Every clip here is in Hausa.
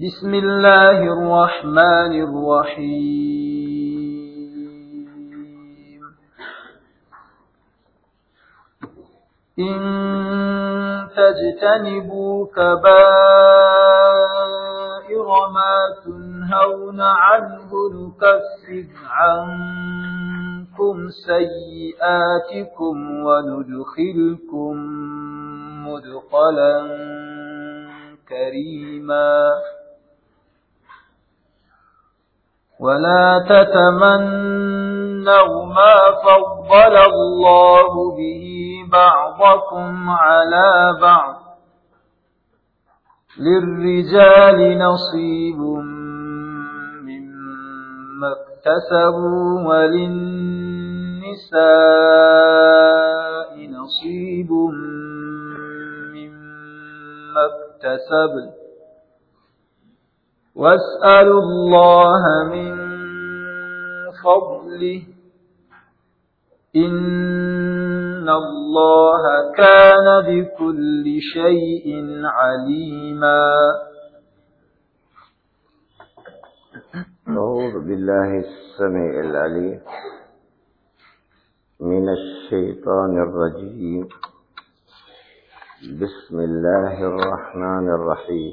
بسم الله الرحمن الرحيم إن تجتنبوا كبائر ما تنهون عنه نكفر عنكم سيئاتكم وندخلكم مدخلا كريما ولا تتمنوا ما فضل الله به بعضكم على بعض للرجال نصيب مما اكتسبوا وللنساء نصيب مما اكتسبن واسألوا الله من فضله إن الله كان بكل شيء عليما أعوذ بالله السميع العليم من الشيطان الرجيم بسم الله الرحمن الرحيم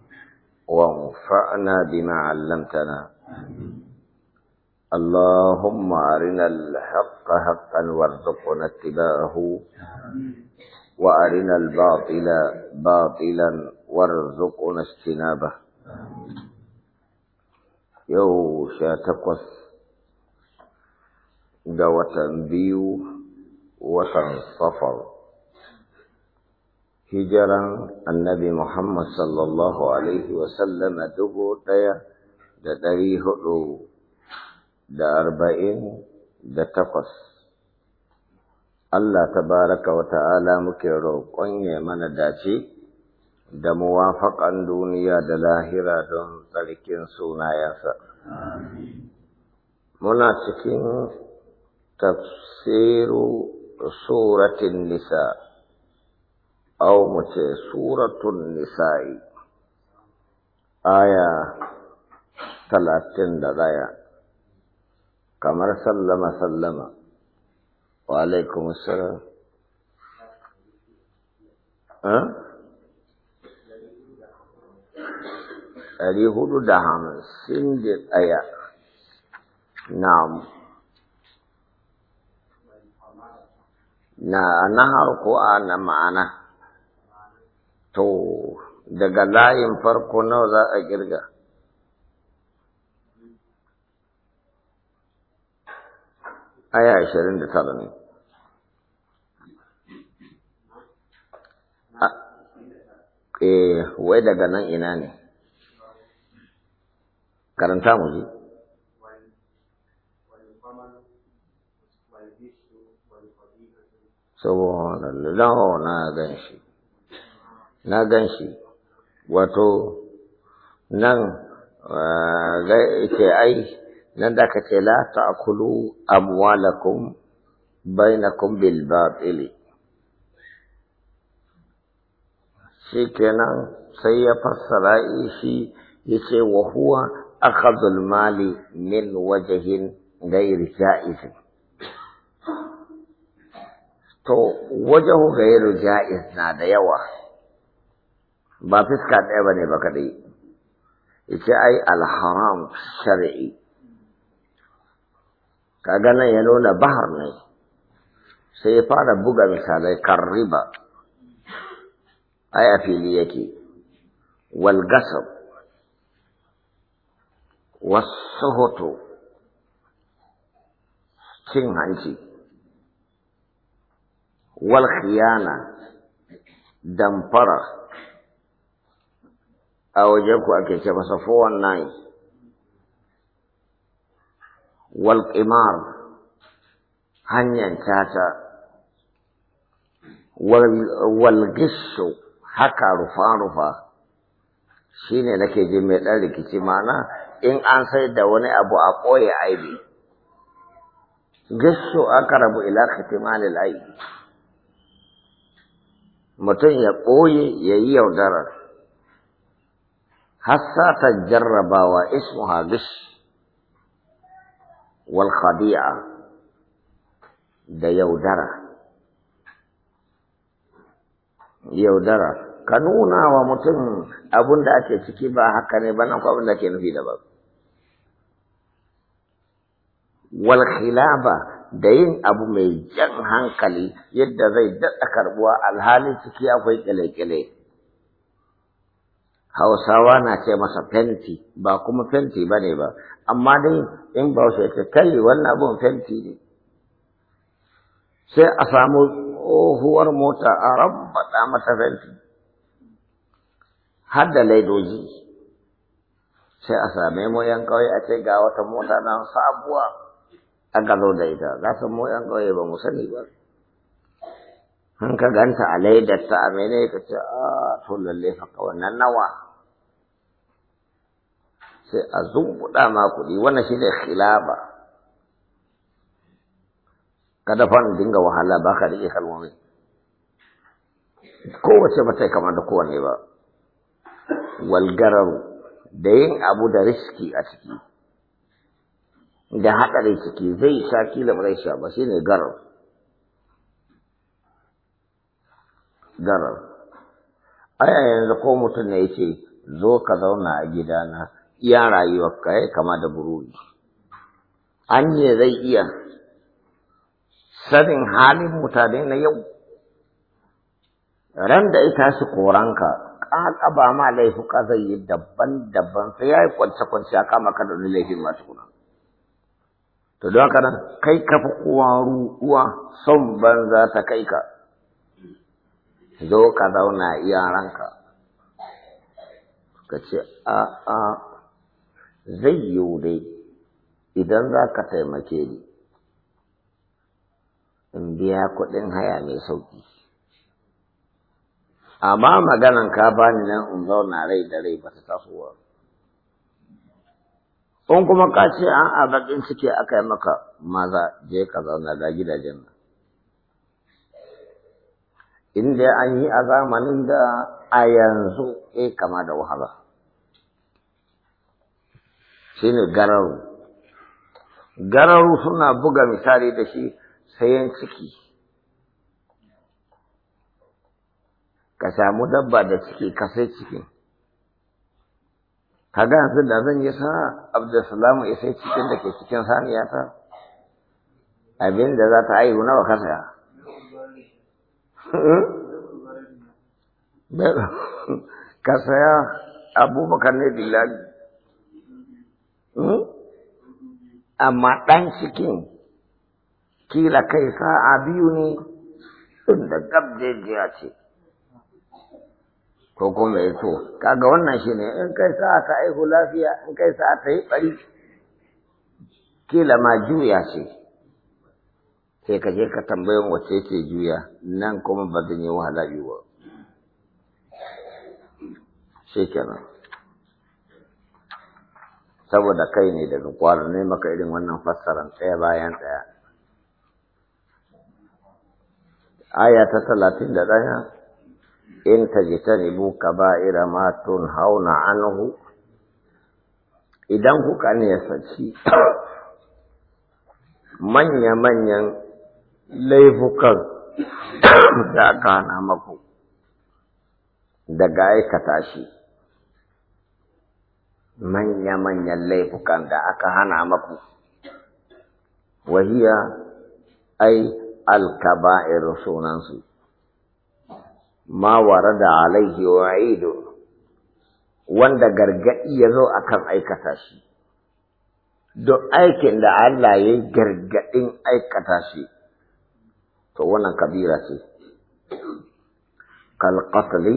وانفعنا بما علمتنا اللهم أرنا الحق حقا وارزقنا اتباعه وأرنا الباطل باطلا وارزقنا اجتنابه يو شاتقص دوة بيو وشن صفر hijiran annabi Muhammad sallallahu Alaihi wasallama dubu ɗaya da dari hudu da arba'in da takwas. Allah ta baraka wa ta'ala muke roƙon ya mana dace da muwafaƙan duniya da lahira don tsarkin sunayensa. Muna cikin tafsiru suratin nisa. au mu ce suratun nisa'i aya talatin da ɗaya kamar sallama sallama wa alaikum salam ɗari hudu da hamsin da ɗaya na na nahar a na ma'ana to daga layin farko nawa za a girga? aya ashirin da tara ne eh wai daga nan ina ne karanta mu ji saboda na gan shi na gan shi wato nan ce ai nan da ka ce la ta'kulu amwalakum bainakum bil batili shikenan sai ya fassara shi yace wa huwa akhadhul mali min wajhin ghairi ja'iz to wajahu gairu ja'iz na da yawa ba fiska ɗaya ba ne ba kaɗai ita ai alharam shari'i kaga nan ya nuna bahar ne sai ya fara buga misalai kan riba ai a fili yake wal gasab wasu hoto cin hanci wal khiyana damfara a wajen ku ake ce masa 419 wal hanyar tata wal haka rufa-rufa shi ne nake ji mai ɗan rikici mana in an sai da wani abu a ɓoye aibi gishu aka rabu ila katimalil aibi mutum ya ɓoye ya yi yaudarar hassatan jarrabawa ismuha bis wal khadi'a da yaudara yaudara ka nuna wa mutum abin da ake ciki ba haka ne ba nan ko abin da ke nufi daban wal khilaba da yin abu mai jan hankali yadda zai daɗa karbuwa alhalin ciki akwai kyale-kyale hausawa na ce masa fenti ba kuma fenti ba ne ba amma dai in ba su yake kai wannan abin fenti ne sai a samu tsohuwar mota a rabbaɗa mata fenti har da laidoji sai a same mu yan a ce ga wata mota nan sabuwa a gado da ita za su mu yan ƙauye ba mu sani ba an ka ganta a laidarta a mene ka ce a ah, to lalle fa wannan nawa sai a zubuɗa ma kuɗi wannan shine khilaba kada fa dinga wahala ba ka rike kalmomi kowace ba ta kama da kowanne ba walgararu da yin abu da riski a ciki da haɗari ciki zai sha kila ba zai sha ba shine garar garar aya yanzu ko mutum ne yace zo ka zauna a gidana iya rayuwar ka kama da bururi an ne zai iya sanin halin mutane na yau ran da ita su koranka ƙaƙaba ma laifuka zai yi daban-daban sai ya yi kwance-kwance a kama ka da wani laifin masu kuna to don haka nan kai kafa kowa ruwa son banza ta kai ka zo ka zauna yaranka ka ce a a zai yiwu dai idan za ka taimake ni in biya kuɗin haya mai sauki amma maganan ka bani nan in zauna rai da rai ba ta tasowa in kuma ka ce an a bakin aka yi maka maza je ka zauna da gidajen nan inda an yi a zamanin da a yanzu e kama da wahala Shi ne gararu gararu suna buga misali da shi sayan ciki ka samu dabba da ciki ka sai ciki ga yanzu da zan yi sa abdulsalam ya sai cikin da ke cikin saniya ta abin da za ta haihu nawa ka saya ka saya abubakar ne dillali hmm? amma ɗan cikin kila kai sa'a biyu ne da gab jiya ce ko kuma ya so kaga wannan shi ne in kai sa'a ta aihu lafiya in kai sa'a ta yi ɓari kila ma juya ce sai ka je ka tambayin wace ke juya nan kuma ba zan yi wahala biyu ba shi kenan saboda kai ne daga kwarar ne maka irin wannan fassaran ɗaya bayan ɗaya aya ta talatin da ɗaya in ka ba ira ma na anhu idan kuka ne ya saci manya-manyan laifukan da aka hana maku daga aikata shi manya-manyan laifukan da aka hana maku wahiya ai alkaba'ir sunansu ma warada alaihi wa'idu wanda gargaɗi ya zo akan aikata shi don aikin da Allah ya yi gargaɗin aikata shi to wannan kabira ce kalƙatali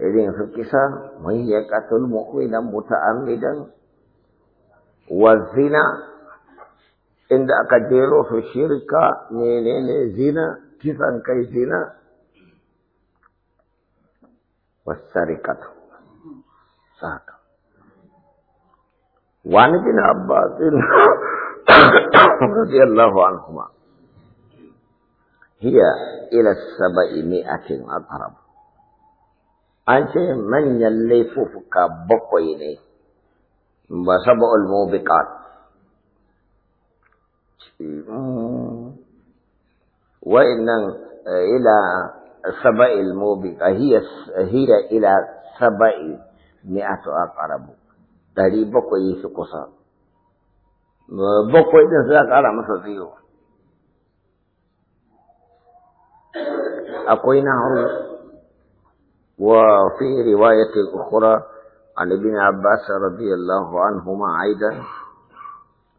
irin su kisa mai ya ƙatul mu'minan muta'ammidan wa zina inda aka jero su shirka menene zina kisan kai zina والسرقة saka wani bin abbasin radiyallahu الله هي إلى مئة أقرب أنت من يلففك بقيني وسبع الموبقات وإن إلى سبع الموبقات هي هي إلى سبع مئة أقرب تري بقي سكسا بقي سكسا على أقوي نهر وفي رواية أخرى عن ابن عباس رضي الله عنهما أيضا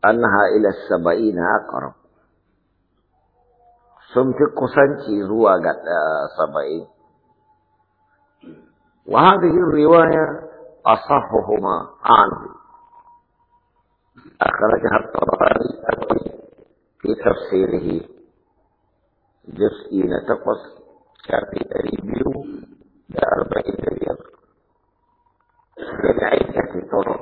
أنها إلى السبعين أقرب سمت قسنتي زوا آه، سبعين وهذه الرواية أصحهما عنه أخرجها الطبراني في تفسيره جزئين تقصد shafi ɗari biyu da arba'in da biyar daga aikata tsoron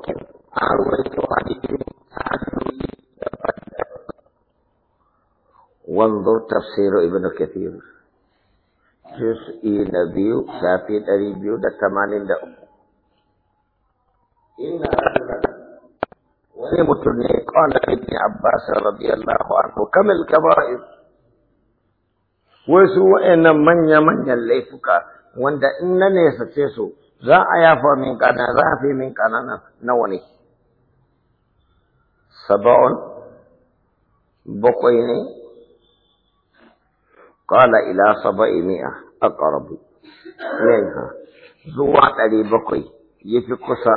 وانظر تفسير ابن كثير جزء نبيو شافي نبيو دا تمانين دا أمو إن ولمتني قال ابن عباس رضي الله عنه كم الكبائر wai su wa'annan manya-manyan laifuka wanda in na nesace su za a yafa min kana za a fi min kanana nawa ne saba'un bakwai ne kala ila saba'i mi'a aqrabu minha zuwa ɗari bakwai ya fi kusa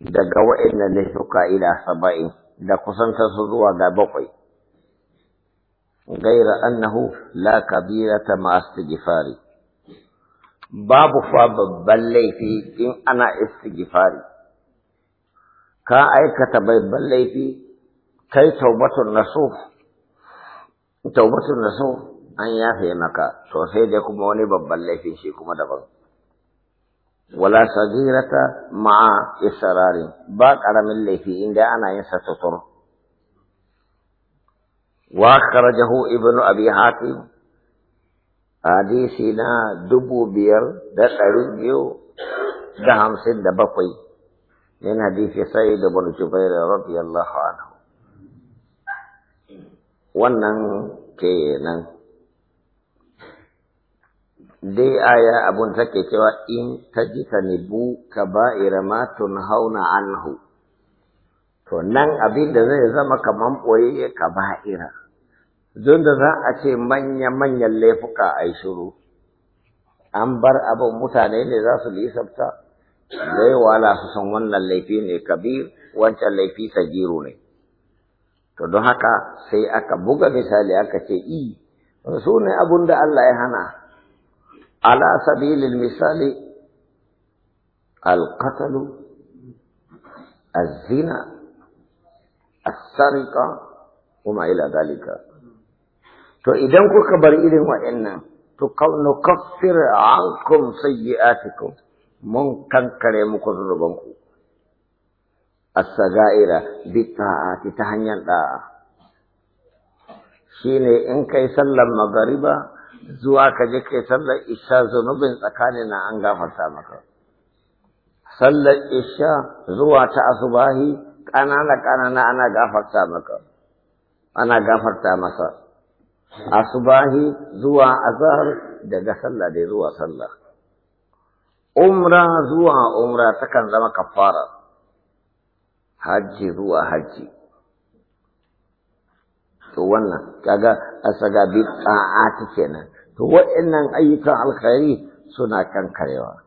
daga wa'annan laifuka ila saba'in da kusanta su zuwa ga bakwai غير أنه لا كبيرة مع استغفاري باب فاب بللي في أنا استغفاري كا أي كتب بللي في كي توبة النصوح توبة النصوح أن يافي نكا سوسيدكم وني بللي في شيكم دبر ولا صغيرة مع إسرار باك أنا من اللي في إن أنا إنسى تطرق واخرجه ابن ابي حاتم حديثي نا دبو بير دا تربيو دا همسين دا بقوي من حديث سيد بن جبير رضي الله عنه wannan kenan dai aya abun take cewa in ka ba'ira ma hauna anhu to nan abin da zai zama kaman ka kaba'ira don da za a ce manya-manyan laifuka a yi shiru an bar abin mutane ne za su lisafta zai wala su san wannan laifi ne kabir wancan laifi sagiru ne to don haka sai aka buga misali aka ce i su ne abun da Allah ya hana ala sabilil misali alqatalu azina, asarika, kuma ila ذلك to idan kuka bar irin waɗannan to nukaffir ankum sayyi'atikum mun kankare muku zunubanku as-sagaira bi ta'ati ta hanyar da shine in kai sallar magariba zuwa ka je kai sallar isha zunubin tsakanin na an gafarta maka sallar isha zuwa ta asubahi ƙanana ƙanana ana gafarta maka ana gafarta masa asubahi zuwa azhar daga sallah dai zuwa sallah umra zuwa umra takan zama kafara hajji zuwa hajji to wannan kaga asaga bi ta'ati kenan to waɗannan ayyukan alkhairi suna kan karewa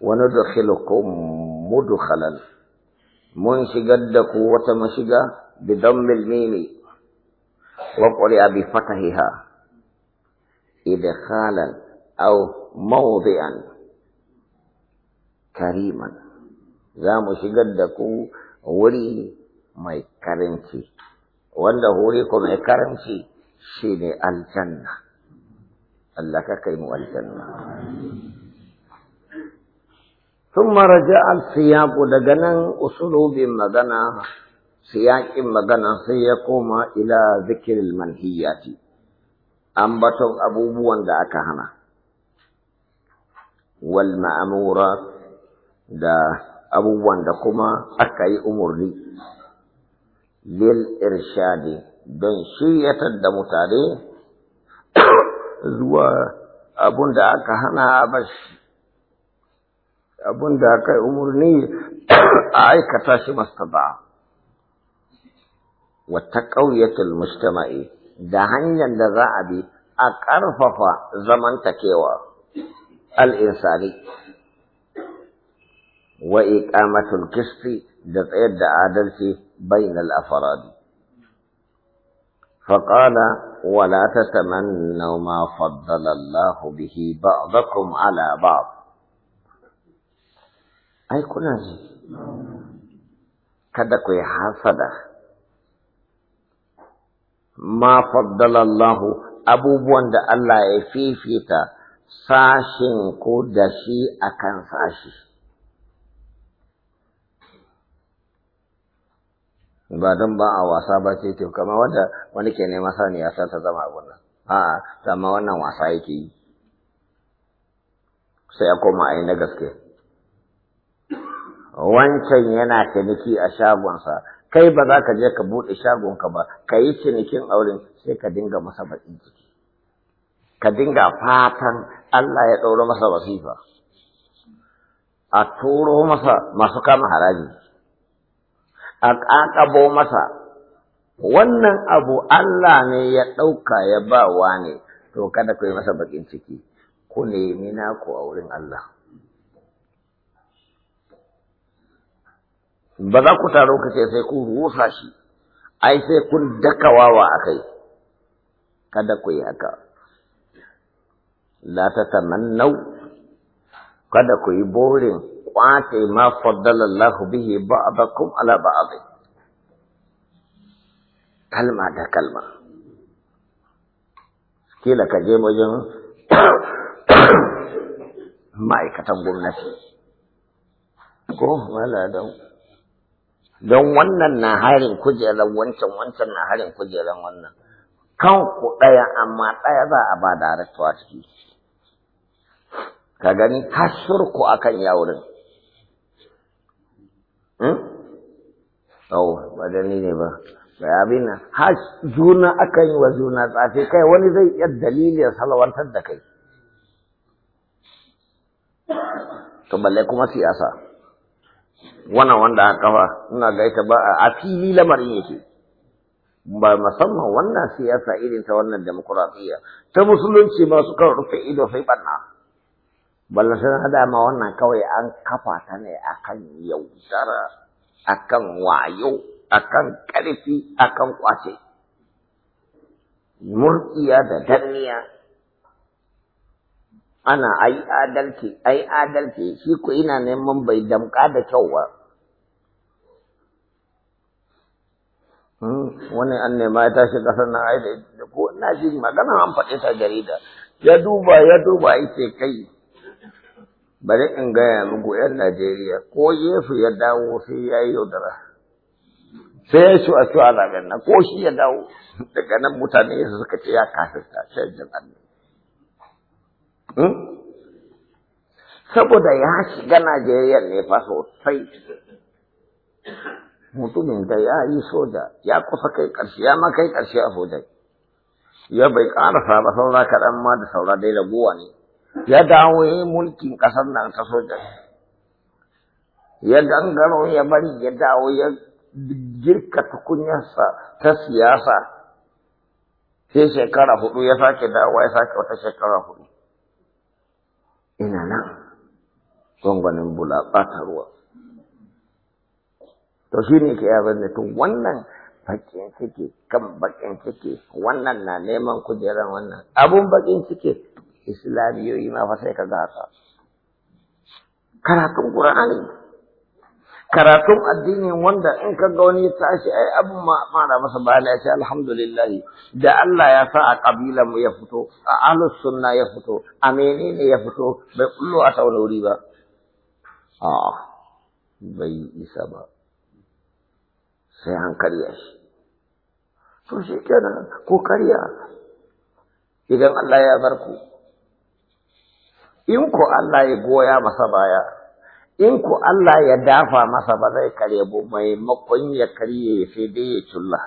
ko mudu mudkhalan mun shigar da ku wata mashiga bi dammil mimi wa qul abi fatahiha ida khalan aw mawdian kariman za mu shigar da ku wuri mai karanci wanda hore ku mai karanci shine aljanna Allah ka kai mu aljanna thumma raja'a siyabu daga nan usulubin magana سياج مغنى سيقوم الى ذكر المنهيات امبتو ابو بوان دا اكهنا والمامورات دا ابو بوان دا كما اكاي امورني للارشاد دون شيء دا متالي زوا ابو دا اكهنا ابش ابو دا اكاي امورني اي كتاشي مستضعف وتقوية المجتمع دهن الرعب أقرفف زمن تكيوى الإنساني وإقامة القسط دقيد عدلتي بين الأفراد فقال ولا تتمنوا ما فضل الله به بعضكم على بعض أي كنا زي كدك حسده ma faddalallahu abubuwan da Allah ya fifita sashin ko da shi akan sashi ba don ba a wasa ba ce to kamar wanda wani ke nema sani ya san ta zama abun nan a'a amma wannan wasa yake yi sai ya koma a yi na gaske wancan yana ciniki a shagonsa kai ba za ka je ka buɗe shagonka ba ka yi cinikin auren sai ka dinga masa baƙin ciki ka dinga fatan Allah ya ɗaura masa wasifa a turo masa masu kama haraji a ƙaƙabo masa wannan abu Allah ne ya ɗauka ya ba wa ne to kada ku yi masa baƙin ciki ku nemi naku a wurin Allah ba za ku taro ka ce sai ku rusa shi ai sai kun daka wawa a kai kada ku yi haka la ta tamannau kada ku yi borin kwace ma faddala Allah bihi ba'dakum ala ba'd kalma da kalma kila ka je wajen ma'aikatan gwamnati ko mala don don wannan na harin kujeran wancan wancan na harin kujeran wannan kan ku ɗaya amma ɗaya za a ba da a ciki ka gani kasurku a kan yawurin Oh, hmm? ba da ni ne ba. abin nan juna akan yi wa juna tsafi kai wani zai iya dalilin salawantar da kai to balle kuma siyasa wannan wanda aka kafa ina ga ita ba a fili lamarin yake ba musamman wannan siyasa irin ta wannan demokuraɗiyya ta musulunci ba su kan rufe ido sai banna balla sai hada ma wannan kawai an kafa ta ne akan yaudara akan wayo akan karfi, akan kwace murƙiya da danniya ana ai adalci ai adalci shi ko ina neman bai damka da kyau ba hmm, wani an nema ya tashi kasar na ai da ko ina ji magana an faɗi ta jarida ya duba ya duba yace kai bari in gaya muku yan Najeriya ko Yesu ya dawo sai ya yi yaudara sai ya shi a su ko shi ya dawo daga nan mutane su suka ce ya ta sai jin Hmm? saboda ya shiga Najeriya ne fa sosai. Mutumin da ya yi soja, ya kusa kai ƙarshe, ya ma kai ƙarshe a soja. Ya bai ƙarasa ba saura kaɗan ma da saura dai raguwa ne. Ya dawo mulkin ƙasar nan ta soja. Ya gangaro ya bari ya dawo ya girka tukunyarsa ta siyasa. Sai shekara hudu ya sake dawo ya sake wata shekara hudu. ina nan gwangwanin bula ɓata ruwa to shi ne ke yaran da tun wannan bakin ciki kan bakin ciki wannan na neman kujeran wannan abun bakin ciki islamiyoyi ma fa ka gasa karatun qur'ani karatun addinin wanda in ka ga wani tashi ai abin ma fara masa bala ya ce alhamdulillah da Allah ya sa a kabila mu ya fito a ahlus sunna ya fito a menene ya fito bai kullu a taurauri ba a bai isa ba sai an karya shi to shi kenan ko karya idan Allah ya bar ku in ko Allah ya goya masa baya in ku Allah ya dafa masa ba zai kare bu maimakon ya karye sai dai ya cilla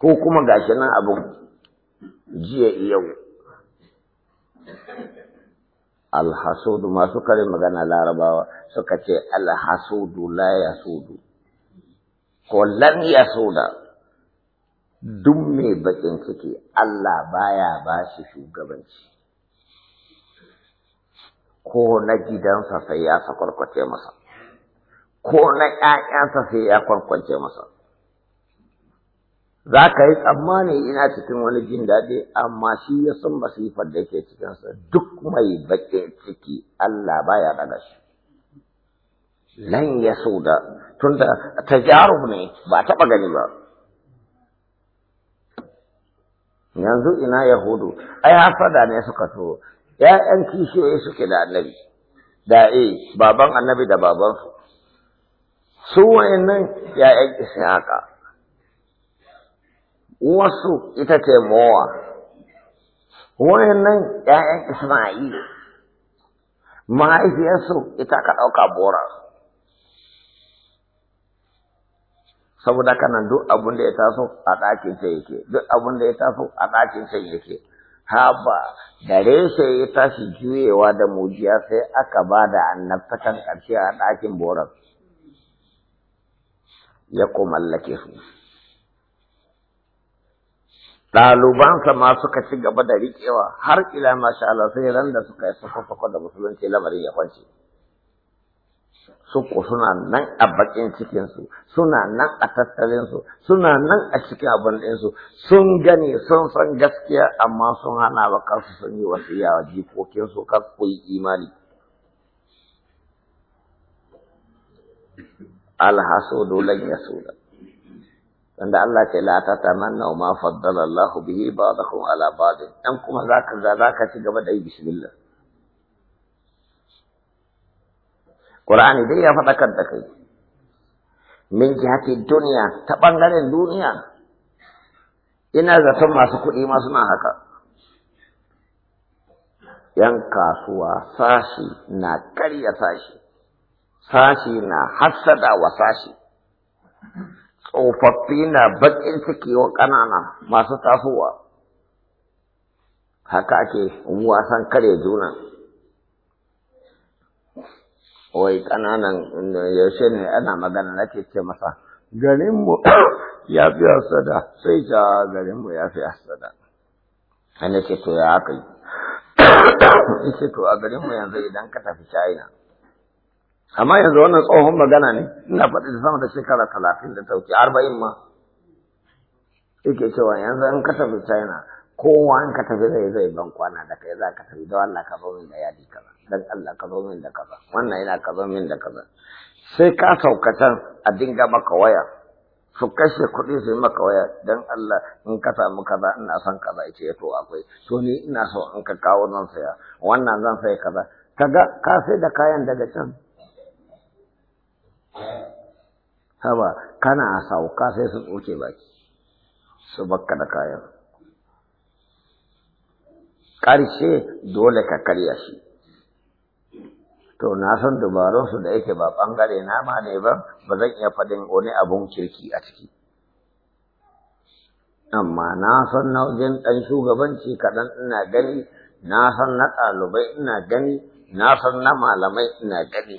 ko kuma gashi nan abin jiya yau alhasudu masu kare magana larabawa suka ce alhasudu la yasudu ko yasuda duk mai bakin ciki Allah baya ba shi shugabanci. ko na gidansa sai ya sakwarkwace masa ko na ‘ya'yansa sai ya kwarkwace masa za ka yi tsammani ina cikin wani jin daɗi amma shi ya san masifar da ke cikinsa duk mai baƙin ciki Allah baya daga shi nan ya so da tun da tajarub ne ba taɓa gani ba yanzu ina yahudu ai hasada ne suka so ‘ya'yan kishiyoyi suke da annabi, da e, baban annabi da baban su nan ‘ya'yan haka, wasu ita ce mowa, nan ‘ya'yan Isma'il, mahaifiyarsu ita ka ɗauka bora. Saboda kanan duk abin da ya taso a ɗakin yake, duk abin ya taso a ɗakin yake. haba dare sai ya tashi juyewa da mujiya sai aka ba da annabtakan ƙarshe a ɗakin boran ya ko mallake su ɗalibansa ma suka ci gaba da riƙewa har ila masha Allah sai ran da suka yi sako-sako da musulunci lamarin ya kwance. suko suna nan a bakin cikinsu suna nan a tattalinsu suna nan a cikin abin ɗinsu sun gani sun san gaskiya amma sun hana ba kansu sun yi wasu yawa jikokinsu kar ku yi imani alhasudu lan yasuda wanda Allah ce la ta tamanna ma faddala Allah bihi ba'dakum ala ba'd dan kuma zaka za zaka ci gaba da yi bismillah Qur'ani dai ya faɗa da kai min jihati duniya ta ɓangaren duniya ina zaton masu kuɗi ma suna haka yan kasuwa sashi na karya sashi sashi na hassada wa sashi tsofaffi na baƙin ciki wa ƙanana masu tasowa haka ake wasan karya juna wai ƙananan yaushe ne ana magana na ce masa garinmu ya fi hasada sai ta ah, garinmu ya fi hasada ana ce to ya haka yi in ce to a garinmu yanzu idan ka tafi china amma yanzu wannan tsohon magana ne ina faɗi da sama da shekara talatin da ta wuce arba'in ma yake cewa yanzu in ka tafi china kowa in ka tafi zai zai ban kwana da kai za ka tafi da Allah ka zo min da yadi kaza dan Allah ka zo min da kaza wannan yana ka zo min da kaza sai ka sauka can a dinga maka waya su kashe kuɗi su yi maka waya dan Allah in ka samu kaza ina son kaza ce to akwai to ni ina so in ka kawo zan saya wannan zan saya kaza kaga ka sai da kayan daga can haba kana sauka sai su tsoke baki su bakka da kayan ƙarshe dole ka karya shi to na san su da yake ba ɓangare na ma ne ba ba zan iya faɗin wani abun kirki a ciki amma na san na wajen ɗan shugabanci kaɗan ina gani na san na ɗalibai ina gani na san na malamai ina gani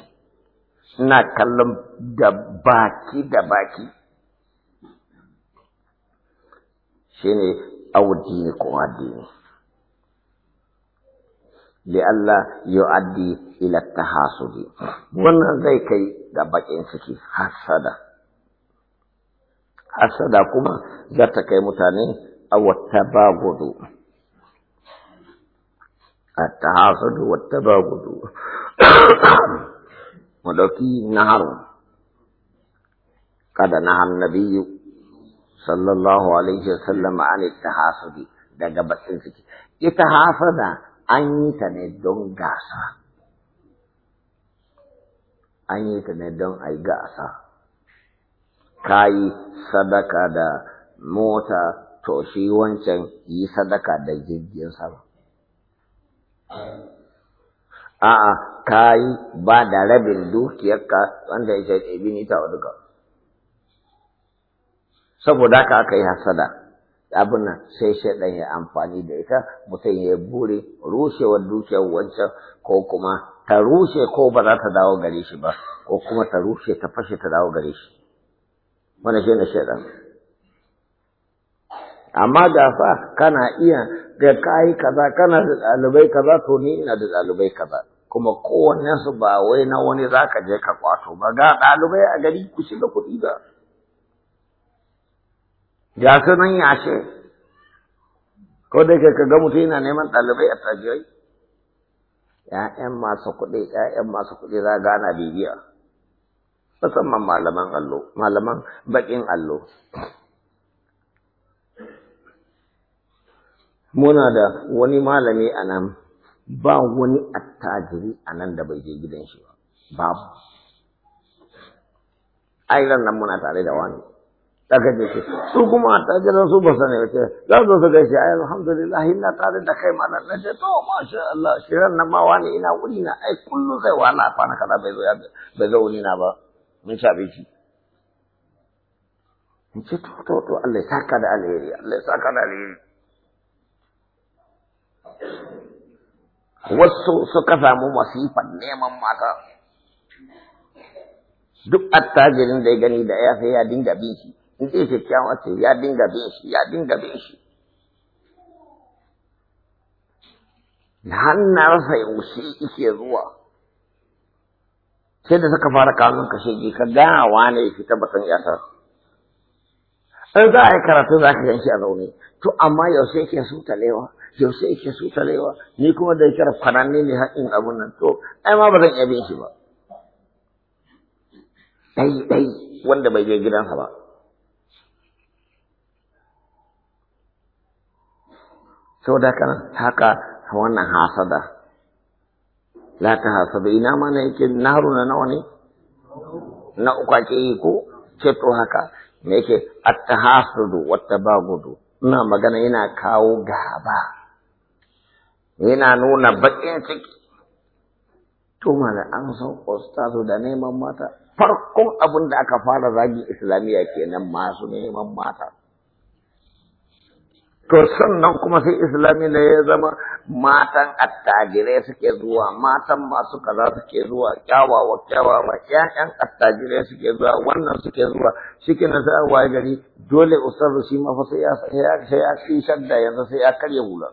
ina kallon da baki da baki shine audini ko addini لألا يؤدي إلى التحاسد وانا ذيك دبك انسكي حسدا حسدا كما ذاتك متاني أو التباغد التحاسد والتباغد ولكي نهر قد نهى النبي صلى الله عليه وسلم عن التحاسد دقبت انسكي يتحاسد an yi ta ne don gasa an yi ta ne don a gasa ka yi sadaka da mota to shi wancan yi sadaka da jirgin sama a'a ka yi ba da rabin dukiyarka wanda ya ce ɗabi ni ta ka saboda haka aka yi hasada abin nan sai shaidan ya amfani da ita mutum ya bure rushewar dukiyar wancan ko kuma ta rushe ko ba za ta dawo gare shi ba ko kuma ta rushe ta fashe ta dawo gare shi wani shi ne shaidan amma da fa kana iya da kayi kaza kana da ɗalibai kaza to ni ina da ɗalibai kaza kuma kowannen ba wai na wani za ka je ka kwato ba ga ɗalibai a gari ku shiga kuɗi ba ga su nan yashe ko da ke ga mutum yana neman ɗalibai a tajiyoyi ‘ya'yan masu kuɗi ‘ya'yan masu kuɗi za a gana bibiya musamman malaman allo malaman baƙin allo muna da wani malami a nan ba wani attajiri a nan da bai je gidan shi ba babu ai nan muna tare da wani daga jike su kuma ta jira su ba sani wace za su su gaishe ai alhamdulillah ina tare da kai mana na ce to masha Allah shirin nan ma wani ina wuri na ai kullum zai wala kwana kada bai zo bai zo wuri na ba mun bai shi mun ce to to to Allah ya saka da alheri Allah ya saka da alheri wasu suka samu masifan neman mata duk attajirin da ya gani da ya sai ya dinga bin shi Idan kyakkyawa ce ya dinga bin shi, ya dinga bin shi. hannarsa yaushe ike zuwa. Sai da suka fara kanun kashe ji ka wa ne fita batun yasa In za a yi karatu za ka ganshi a zaune. To amma yaushe yake sutalewa, yaushe yake sutalewa, ni kuma da yake kwananne ne haƙin abun nan. To, ai ma ba zan iya bin shi ba. Ɗai ɗai wanda bai je gidansa ba. da haka haka wannan hasada la ta hasada ina ma ne yake naru na nawa ne na uku ake yi ko ce to haka me yake at-tahasudu ba tabagudu ina magana yana kawo gaba yana nuna bakin ciki to mala an san ustazu da neman mata farkon abin da aka fara zagin islamiyya kenan masu neman mata To sannan kuma sai islami ne ya zama matan attajirai suke zuwa, matan masu kaza suke zuwa, kyawawa kyawawa, ƴaƴan attajirai suke zuwa, wannan suke zuwa, shike na sai wa gari dole usar shi ma sai ya fi shadda yanzu sai ya karya hula.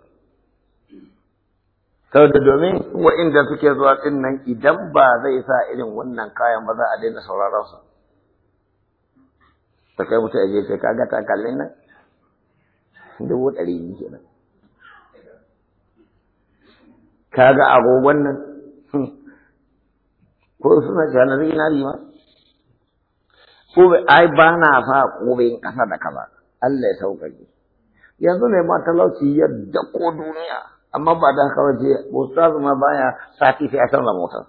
da domin wa'inda suke zuwa din nan idan ba zai sa irin wannan kayan ba za a daina sauraron su. Ta kai mutu aje ka ga takalmin nan. dubu ɗari biyu kenan kaga agogon nan hmm, ko suna cewa na zinari ma kobe ai ba na fa kobe ƙasa da kaza Allah ya sauƙaƙe yanzu ne ma talauci yadda ko duniya amma ba da haka waje ustaz ma baya sati sai a canza motar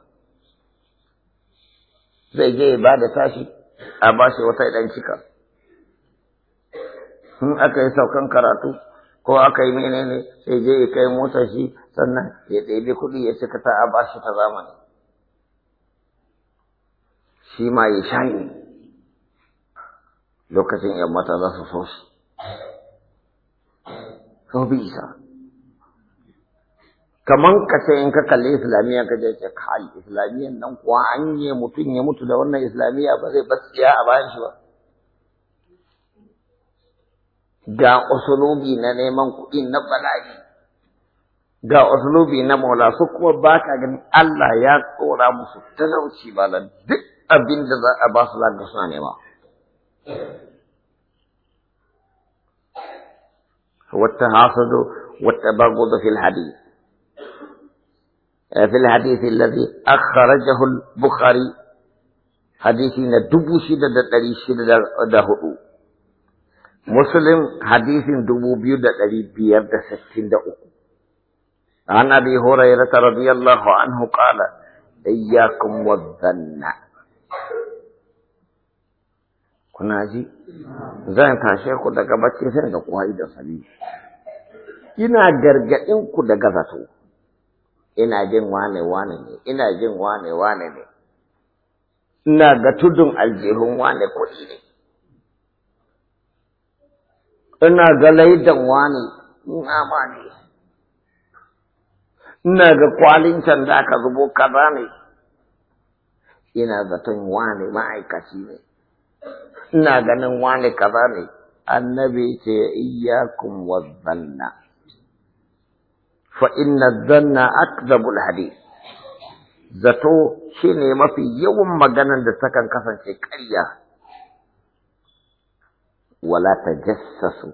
zai je ba da tashi a ba shi wata idan cika in aka yi saukan karatu ko aka yi menene sai je ya kai motsa shi sannan ya ɗaiɗe kuɗi ya cika ta a bashi ta zamani shi ma ya shayi lokacin ‘yan mata za su so shi so bi isa kaman ka ce in ka kalli islamiyya ka je ka kai islamiyyan nan kuwa an yi mutum ya mutu da wannan islamiyya ba zai batsiya a bayan shi ba ga usulubi na neman kuɗi na bala'i ga usulubi na mola su kuma baka ka Allah ya tsora musu talauci ba la duk abin da za a ba su zaga suna nema wata hasado wata bagoda fil hadith fil hadith alladhi akhrajahu al-bukhari hadithi na dubu shida da dari shida da hudu muslim hadisin dubu biyu da ɗari biyar da sittin da uku an abi hurairah radiyallahu anhu qala iyyakum wadhanna kuna ji zan tashe ku daga bacci sai da kuwa da sabi ina gargadin ku daga zato ina ina jin wane wane ne ina ga tudun aljihun wane kuɗi ne ina ga laidan wani nama ne ina ga kwalin can da aka zubo kaza ne ina zaton wani ma'aikaci ne ina ganin wani kaza ne annabi ce iyyakum wazzanna fa inna zanna akdabul hadith zato shine mafi yawan maganan da takan kasance ƙarya wala tajassasu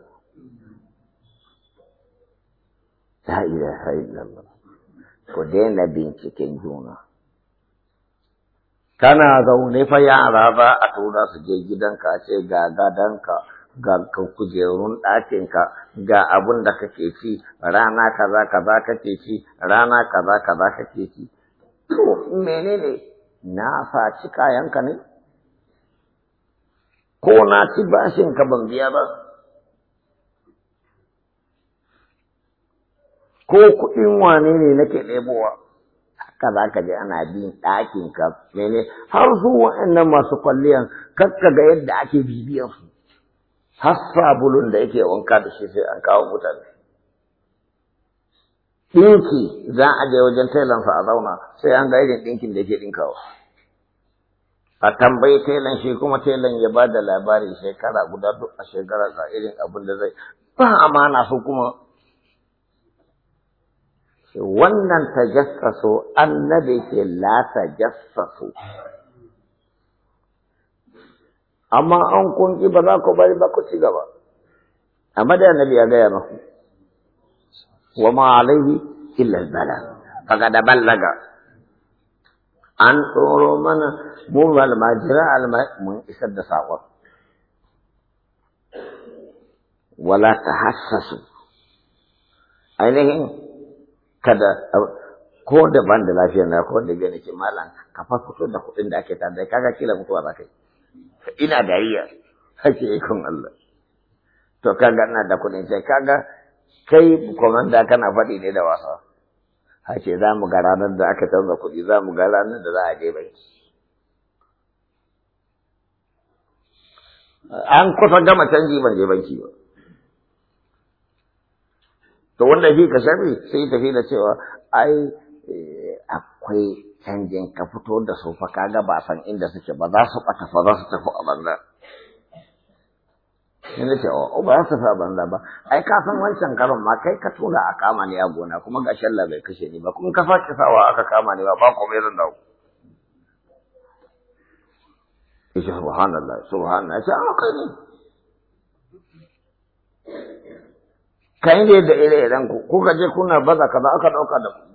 la ilaha illallah ku daina binciken juna kana zaune fa yara za a tura su je gidanka a ce ga gadanka ga kujerun ɗakinka ga abun da kake ci rana kaza kaza kake ci rana kaza kaza kake ci to menene na faci kayanka ne ko na ci bashin ka ban biya ba ko kuɗin wane ne nake ɗebowa haka za ka je ana bin ɗakin ka mene har su waɗannan masu kwalliyan kakka ga yadda ake bibiyar su har sabulun da yake wanka da shi sai an kawo mutane ɗinki za a je wajen tailansa a zauna sai an ga irin ɗinkin da yake ɗinkawa. a tambayi telan shi kuma telan ya ba da labari shekara guda duk a shekara ga irin abin da zai ba amana su kuma wannan tajassasu annabi ke la so. amma an kunki ba za ku bari ba ku ci gaba amma da annabi ya gaya maku wa ma alaihi illa albala faqad ballaga an tsoro mana mu almajira mun isar da sakon wala ta hassasu ainihin kada ko daban da lafiyar na ko da gani ke malam ka fa fito da kuɗin da ake tada kaga kila mutuwa ba kai ina dariya ake ikon Allah to kaga ina da kuɗin sai kaga kai komanda kana faɗi ne da wasa a ce za mu ga ranar da aka canza kuɗi za mu ga ranar da za a je banki an kusa gama canji ban je banki ba to wanda shi ka sani sai tafi da cewa ai eh, akwai canjin ka fito da su fa kaga ba san inda suke ba za su ɓata fa za su tafi a banza sai na ce o oh, oh, ba za su sa banza ba ai ka san wancan karon ma kai ka tura a kama ni a gona kuma ga shalla bai kashe ni ba kuma ka sake sawa aka kama ni ba ba mai zan dawo yace subhanallah subhanallah sai an ah, kai ne kai ne da ire-iren ku kuka je kuna baza kaza aka dauka da ku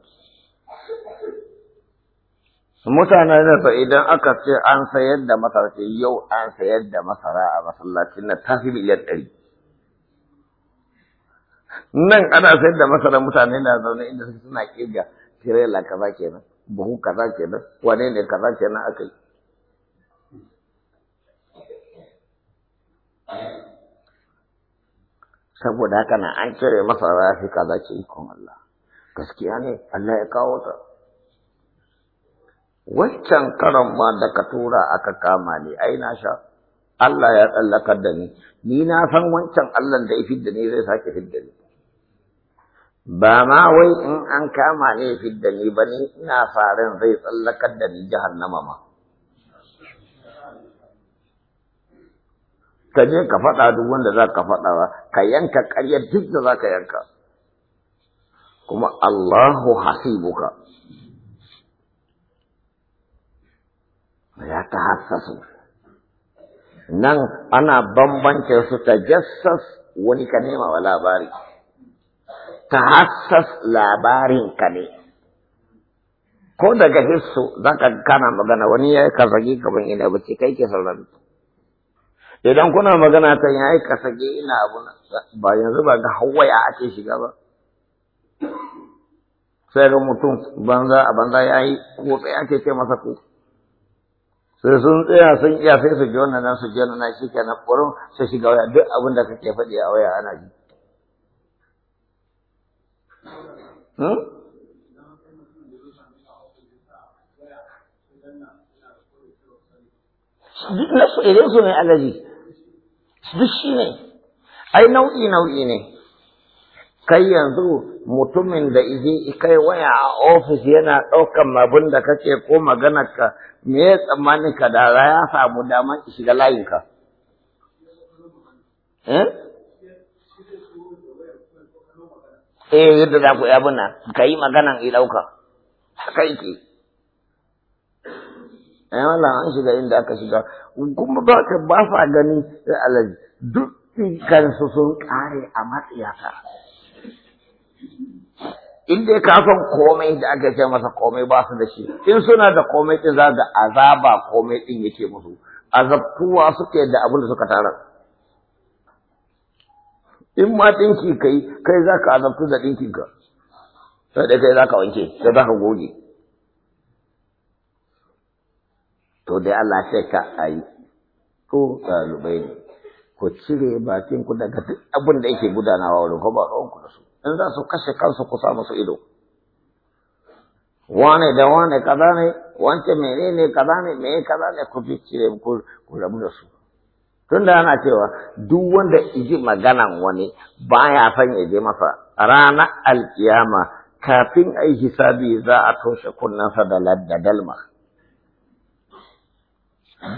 mutanen da fa idan aka ce an sayar da masara ce yau an sayar da masara a masallacin na ta fi miliyan ɗari nan ana sayar da masara mutane na zaune inda suke suna kirga tirela kaza kenan buhu kaza kenan wane ne kaza kenan aka yi saboda haka na an cire masara fi kaza ce ikon Allah gaskiya ne Allah ya kawo ta Wancan karan ma da ka tura aka kama ni ai na sha Allah ya tsallakar da ni ni na san wancan Allah da ya fidda ni zai sake fidda ni ba ma wai in an kama ni ya fidda ni ba ni ina farin zai tsallakar da ni jahannama ma ka je ka faɗa duk wanda za ka faɗawa ka yanka ƙaryar duk da za ka yanka kuma Allahu hasibuka ya ta hassasu nan ana bambance su ta jassas wani ka nema wa labari ta hassas labarin ka ne ko daga hissu za ka kana magana wani ya yi kasage gaban ina bace kai ke sauran idan kuna magana ta ya yi kasage ina abu ba yanzu ba ga hawaya ake shiga ba sai ga mutum banza a banza ya yi ko ya ce ce masa ko sai sun tsaya sun iya sai su ji wannan su ji wannan shi na ƙwarin su shiga waya duk abin da kake faɗi a waya ana ji hmm? duk nasu irin su ne alaji duk shi ne ai nau'i nau'i ne kai yanzu mutumin da ije kai waya a ofis yana ɗaukan abin da kake ko maganarka me ya tsammani ka da ya samu damar shiga ka eh? eh yadda za ku yi abin nan ka yi maganan i ɗauka haka yake ai eh, wala an shiga inda aka shiga kuma ba ka ba sa gani alaji duk kansu sun kare a matsiyata in dai ka san komai da aka ce masa komai ba su da shi in suna da komai din za ga azaba komai din yake musu azabtuwa suke da abin da suka tara in ma dinki kai kai za ka azabtu da ɗinkinka sai dai kai za ka wanke sai za ka goge to dai Allah sai ka ayi ko ɗalibai ne ku cire bakin ku daga duk abin da yake gudanawa wurin ko ba ku da su in za su kashe kansu ku sa musu ido wane da wane kaza ne wance menene kaza ne me kaza ne ku fice ku ku rabu da su tun da ana cewa duk wanda iji maganan wani baya fan ya je masa rana alkiyama kafin ai hisabi za a toshe kunnansa da ladda dalma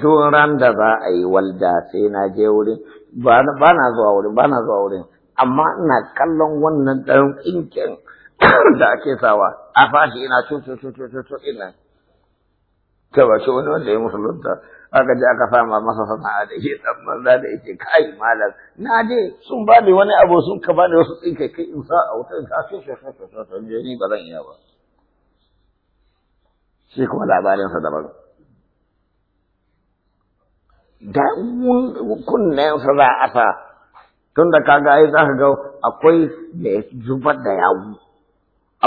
duk ran da za a yi walda sai na je wurin ba na zuwa wurin ba na zuwa wurin amma ina kallon wannan ɗan tsinken da ake sawa a fashi ina cucu cucu cucu ina ta ba wani wanda ya musulunta aka je aka fama masa sana'a da ke dan manza da yake kai malar na je sun ba ni wani abu sun ka ba ni wasu tsinke kai in sa a wutar ta cucu cucu cucu ni ba zan iya ba shi kuma labarinsa daban da kunnensa za a sa tun da kaga ai za ka ga akwai da ya zubar da yawu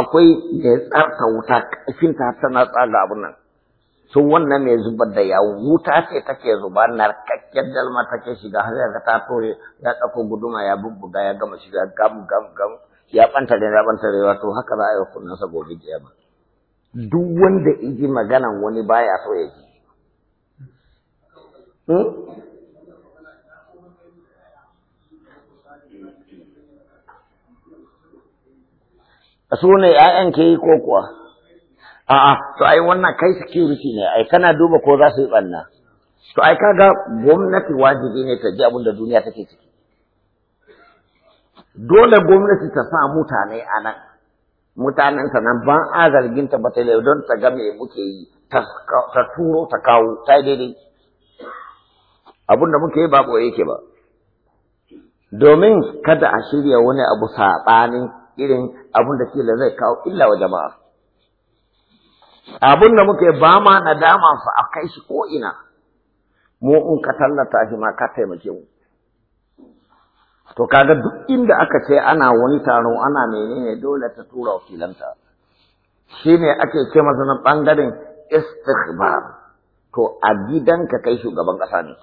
akwai da ya tsarta wuta ta tana tsaga abin nan su wannan mai zubar da yawu wuta ce take zuba narkakken dalma take shiga har yaga ta tore ya ɗauko guduma ya bubbuga ya gama shiga gam gam gam ya ɓanta da ya ɓanta da wato haka za a yi kunnansa gobe ba duk wanda iji maganan wani baya so ya ji hmm? su ne ‘ya'yan ke yi ko kuwa a'a to ai wannan kai security ne ai kana duba ko za su yi ɓanna to ai kaga gwamnati wajibi ne ta ji abin da duniya take ciki dole gwamnati ta sa mutane a nan mutanen ta nan ban a zargin ta bata don ta game muke yi ta turo ta kawo ta daidai abin da muke yi ba ɓoye yake ba domin kada a shirya wani abu saɓanin irin abun da kila zai kawo illa wa jama'a abun da muke ba ma nadama fa a kai shi ko ina mu in ka tallata shi ma ka taimake mu to kaga duk inda aka ce ana wani taro ana menene dole ta tura wakilanta shine ake ce masa na bangaren istikhbar to a ka kai shugaban ƙasa ne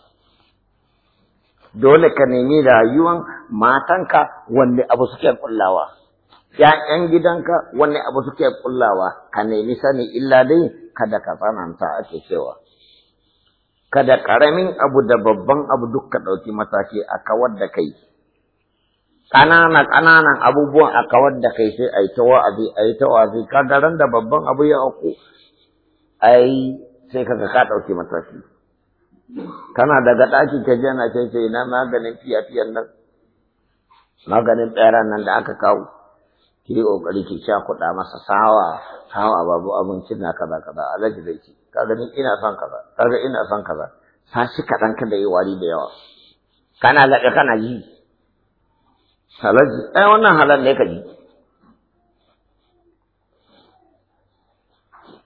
dole ka nemi rayuwan matanka wanne abu suke kullawa ‘ya'yan gidanka wani abu suke kullawa ka nemi sani illa dai kada ka tsananta ake cewa kada ƙaramin abu da babban abu duk ka ɗauki mataki a kawar da kai ƙananan ƙananan abubuwan a kawar da kai sai a yi ta wa'azi a yi ta wa'azi ka garan da babban abu ya auku ai sai kaga ka ɗauki mataki kana daga ɗaki ka je na ce sai na maganin fiya-fiyan nan maganin ɓera nan da aka kawo kiri ƙoƙari ki sha kuɗa masa sawa sawa babu abincin na kaza kaza alaji zai ci kaga ni ina son kaza kaga ina son kaza sashi kaɗan kada yi wari da yawa kana laɓe kana ji. alaji ɗaya wannan halar ne ka ji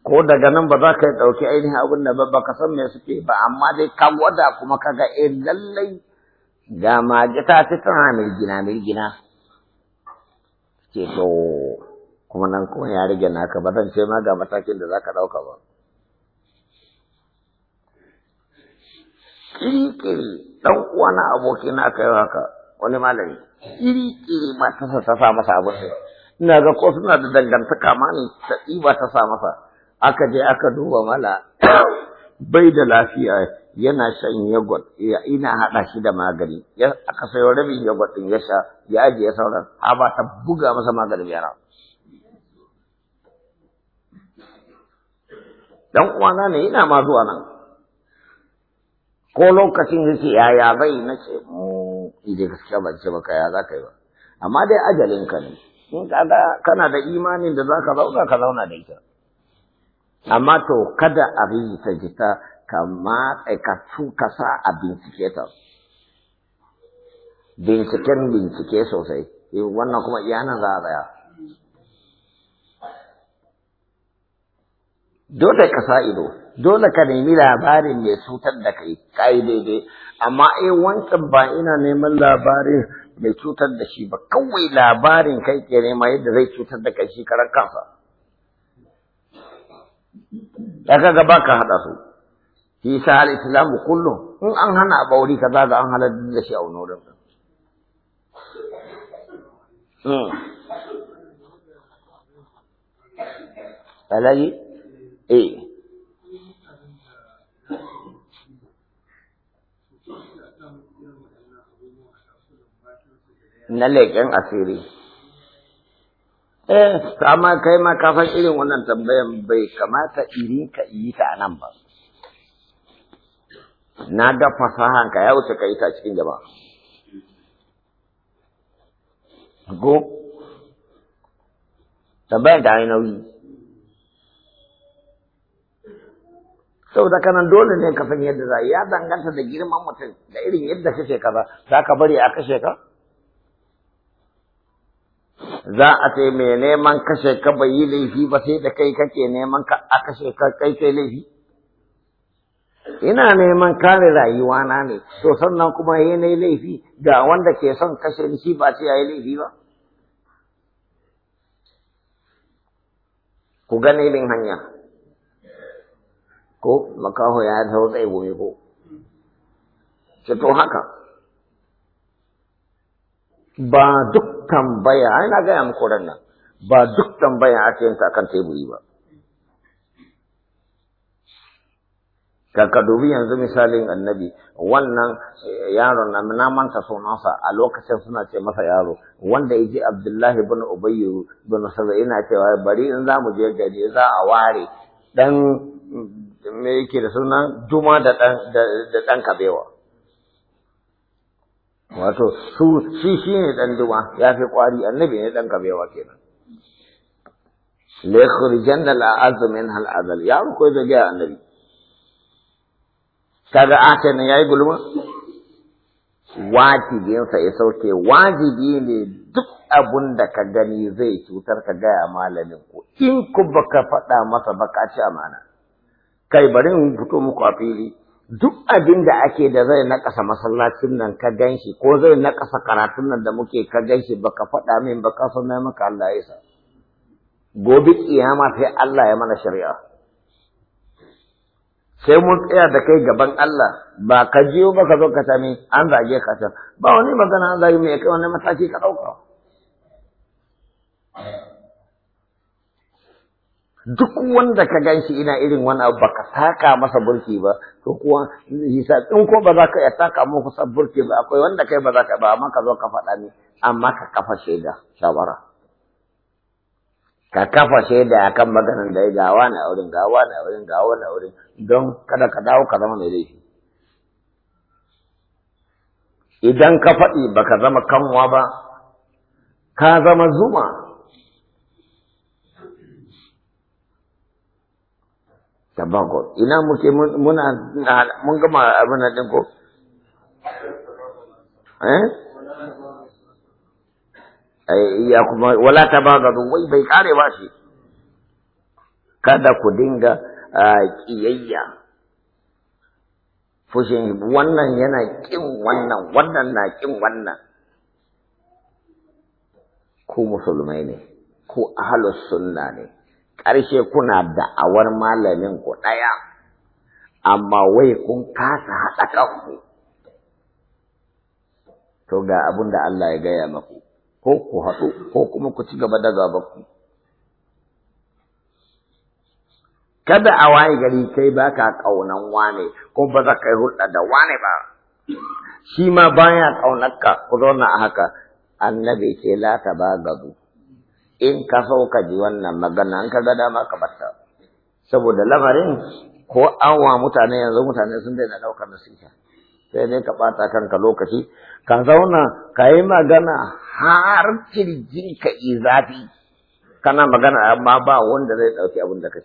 ko daga nan ba za ka yi ɗauki ainihin abin da ba ka san me suke ba amma dai ka gwada kuma ka ga, eh lallai ga mage ta tana mai gina mai ce to kuma nan kuma ya rage naka ba zan ce ma ga matakin da za ka ɗauka ba kirikiri ɗan uwana aboki na kai haka wani malami kiri kiri ma ta sa sa masa abin da ina ga ko suna da dangantaka ma ne ta ɗiba ta sa masa aka je aka duba mala bai da lafiya yana shan yogurt ya ina hada shi da magani ya aka sayo rabin yogurt din ya sha ya ajiye sauran ha ba ta buga masa maganin yara dan uwana ne ina ma zuwa nan ko lokacin yake yaya bai na ce mu mm, idan gaskiya ban ce baka ya zaka yi ba amma dai ajalin ka ne in kaga kana da imanin da zaka zauna ka zauna da ita amma to kada a bi ta jita ka matse ka sa a bincike ta bincike sosai eh, wannan kuma iyanan za a tsaya dole ka sa ido dole ka nemi labarin mai cutar da kai kai daidai amma a eh, wancan ba ina neman labarin mai cutar da shi ba kawai labarin kai ke nema yadda zai cutar da kai shi karan kansa ya gaba ka haɗa su shi sa kullum in an hana ba wuri kaza da an halar da shi a wani wurin hmm. eh na leƙen asiri eh kama kai ma kafin irin wannan tambayan bai kamata iri ka yi ta nan ba na ga fasahan ka ya wuce ka yi ta cikin jama'a go tambayan da ainihin nauyi saboda kana dole ne ka san yadda za ya danganta da girman mutum da irin yadda kake ka za ka bari a kashe ka za a ce mai neman kashe ka bai yi laifi ba sai da kai kake neman ka a kashe ka kai kai laifi ina neman kare rayuwa na ne to sannan kuma yi ne laifi ga wanda ke son kashe shi ba sai yayi laifi ba ku ga bin hanya ko makaho ya zo tsaye gome ko ce to haka ba duk tambaya ai gaya muku nan ba duk tambaya ake yin ta kan teburi ba ka dubi yanzu misalin annabi wannan eh, yaron na namanta manta sunansa a lokacin suna ce masa yaro wanda yaji Abdullahi bin ubayyu bin Saba'i ina cewa bari in za mu je gari za a ware dan me yake da sunan Juma da dan Kabewa wato su shi ne dan Juma ya fi kwari annabi ne dan Kabewa kenan la yakhrujanna al halazal hal azal, yaro ko zai ga annabi kaga aka nan yayi gulma sa ya sauke wajibi ne duk abun da ka gani zai cutar ka gaya malamin ku in ku baka faɗa masa ba ka ci amana kai bari in fito muku a fili duk abin da ake da zai nakasa masallacin nan ka ganshi ko zai nakasa karatun nan da muke ka ganshi baka faɗa min baka san mai maka Allah ya sa gobe kiyama sai Allah ya mana shari'a sai mun tsaya da kai gaban Allah ba ka jiyo ba ka zo ka sami an zage ka ba wani magana an zage mai kai wani mataki ka ɗauka duk wanda ka ganshi ina irin wani abu baka taka masa burki ba to kuwa hisa in ko ba za ka iya taka kusa burki ba akwai wanda kai ba za ka ba amma ka zo ka faɗa ni amma ka kafa shaida shawara ka kafa shaida akan maganar da ya gawa na wurin gawa na wurin gawa na wurin don kada ka dawo ka zama mai laifi idan ka faɗi ba ka zama kanwa ba ka zama zuma tabbako ina muke muna mun gama abin nan ɗin ko eh, eh ya kuma wala tabagadu wai bai kare ba shi kada ku dinga ƙiyayya fushin wannan yana ƙin wannan wannan na ƙin wannan ku musulmai ne ku ahalus sunna ne ƙarshe kuna da'awar malamin ku ɗaya amma wai kun kasa haɗa kanku to ga abin da Allah ya gaya maku ko ku haɗu ko kuma ku ci gaba da gabanku kada a waye gari kai baka ka wane ko ba za ka yi hulɗa da wane ba shi ma baya ƙaunarka ku zauna a haka annabi ce la ta ba gado in ka so ka ji wannan magana an ka ga dama ka batta saboda lamarin ko an wa mutane yanzu mutane sun daina ɗaukar nasiha sai ne ka ɓata kanka lokaci ka zauna ka yi magana har kirjin ka yi zafi kana magana amma ba wanda zai ɗauki abin da ka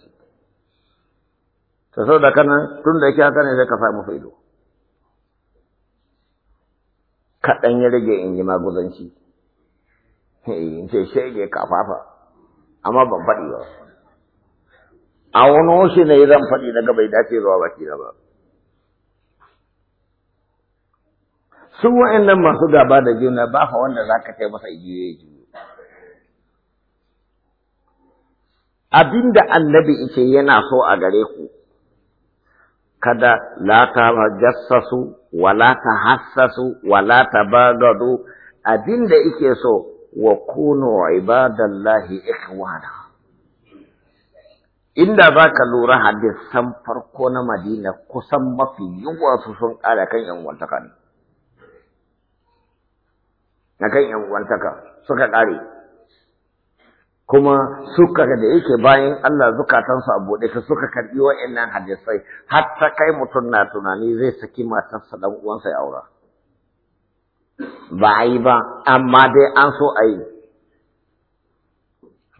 ta sau da kanan tun da yake haka ne zai ka samu faido kaɗan ya rage in yi maguzanci in ce shege kafafa amma ban faɗi ba a wani shi ne zan faɗi daga bai dace zuwa baki na ba wa'in nan masu gaba da juna ba fa wanda za ka taimaka masa igiyoyi juyo abinda annabi ce yana so a gare ku kada la ta jassasu la ta hassasu wa la ta bagadu abinda ike so wa kunu ibadallahi ikhwana inda za ka lura hadisan farko na madina kusan mafi yawa su sun kara kan yan wantaka ne na kan yan wantaka suka kare kuma suka da yake bayan Allah zukatansu a buɗe su suka karɓi wa'annan hadisai har ta kai mutum na tunani zai saki matarsa dan uwansa ya aura ba a yi ba amma dai an so a yi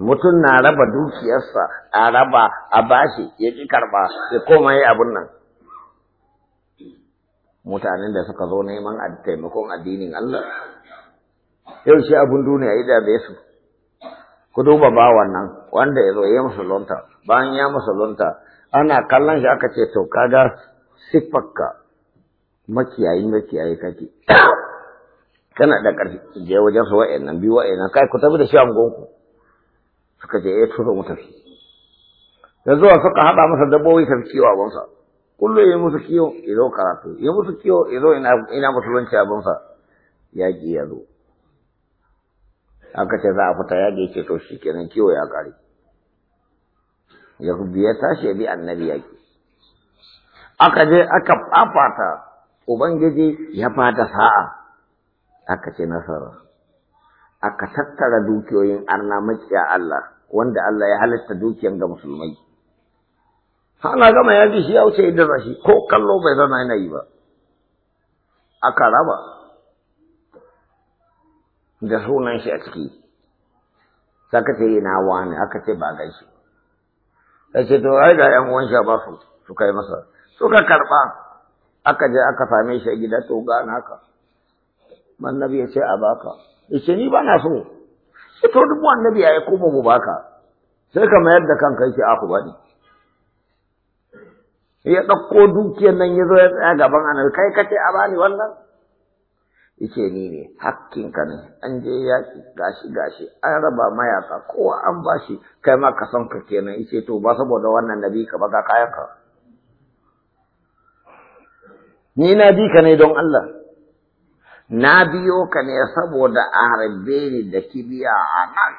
mutum na raba dukiyarsa a raba a bashi ya ƙi karɓa ya koma yi abun nan mutanen da suka zo neman taimakon addinin Allah yau shi abun duniya ya su ku duba bawan nan wanda ya zo ya musulunta bayan ya musulunta ana kallon shi aka ce to kaga siffarka makiyayi makiyayi kake kana da ƙarfi je wajen su biyu wa'in nan kai ku tafi da shi a gonku suka je ya eh, tura mu tafi da zuwa suka haɗa masa dabbobi tafi kiwo bansa kullum ya musu kiwo ya zo karatu ya musu kiwo ya zo ina musulunci abunsa ya ya zo aka ce za a fita yaƙi ce to shi kenan kiwo ya ƙare ya ya tashi ya bi annabi yaƙi aka je aka fafata ubangiji ya fata sa'a aka ce nasara aka tattara dukiyoyin arna maciya Allah wanda Allah ya halitta dukiyan ga musulmai hana gama ya yaƙi shi ya wuce idan shi ko kallo bai zana yana yi ba aka raba da sunan shi a ciki sai ka ce ina wani aka ce ba gan shi sai ce to ai da yan uwan shi ba su su kai masa suka karba aka je aka same shi a gida to ga naka annabi ya ce a baka yace ni ba na so sai to duk annabi ya koma mu baka sai ka mayar da kanka yake aku bani ya ɗauko dukiyar nan ya zo ya tsaya gaban annabi kai kace a bani wannan yace ni ne hakkinka ne an je yaki gashi gashi an raba mayaka kowa an bashi kai ma ka san ka kenan yace to ba saboda wannan nabi ka ba kayanka ni na bi ka ne don Allah na biyo ka ne saboda a harbe ni da kibiya a nan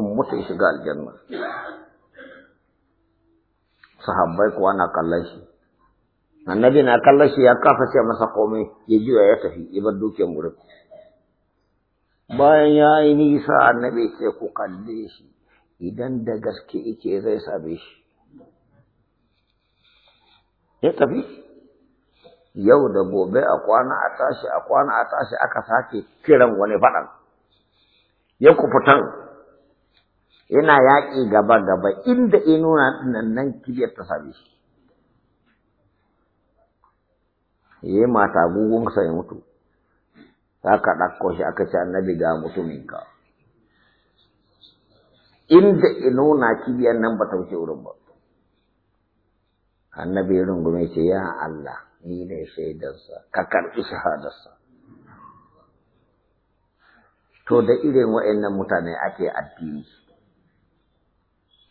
in mutu shiga aljanna sahabbai kuwa na kallon shi annabi na kallon shi ya kafa ce masa komai ya juya ya tafi ya bar dukiyar gurin bayan ya yi nisa annabi ce ku kalle shi idan da gaske ike zai same shi ya tafi yau da gobe a kwana a tashi a kwana a tashi aka sake kiran wani faɗan ya fitan yana yaƙi gaba gaba inda ya nuna nan kibiyar ta same shi ye yi mata agogonsa sai mutu ka dakko shi aka ce annabi ga mutuminka inda ino na kibiyan nan ba ta wuce wurin ba annabi gume ce ya Allah ni ne shaidarsa ka karɓi shahadarsa to da irin wa'annan mutane ake addini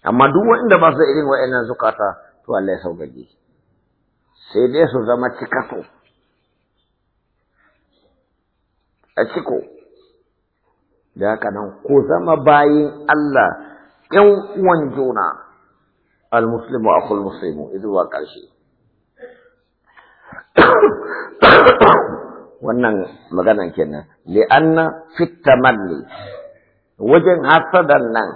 amma duk wanda ba su da irin wa'annan zukata to Allah ya shi sai dai su zama cikaso a ciko da haka nan ko zama bayin Allah ƴan uwan juna al-muslimu akhul muslimu zuwa ƙarshe wannan maganan kenan li'anna fit tamanni wajen hasadan nan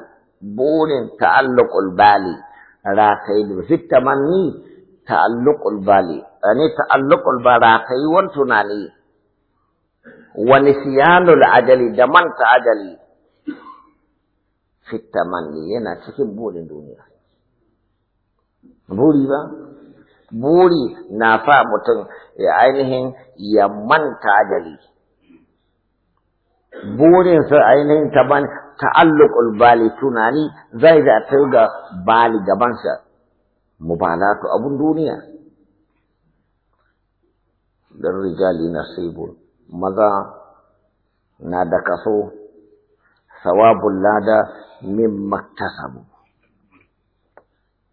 burin ta'alluqul bali rakai fit tamanni ta'alluqul bali yani ta'alluqul bara kai wan tunani wa nisyanul ajali da manta ajali fit tamanni yana cikin burin duniya buri na sa mutum ya ainihin ya burinsa ainihin taban ta'alluqul bali tunani zai da ga bali gabansa mubalatu abun duniya dan rijali nasibun maza na da kaso sawabun lada min maktasabu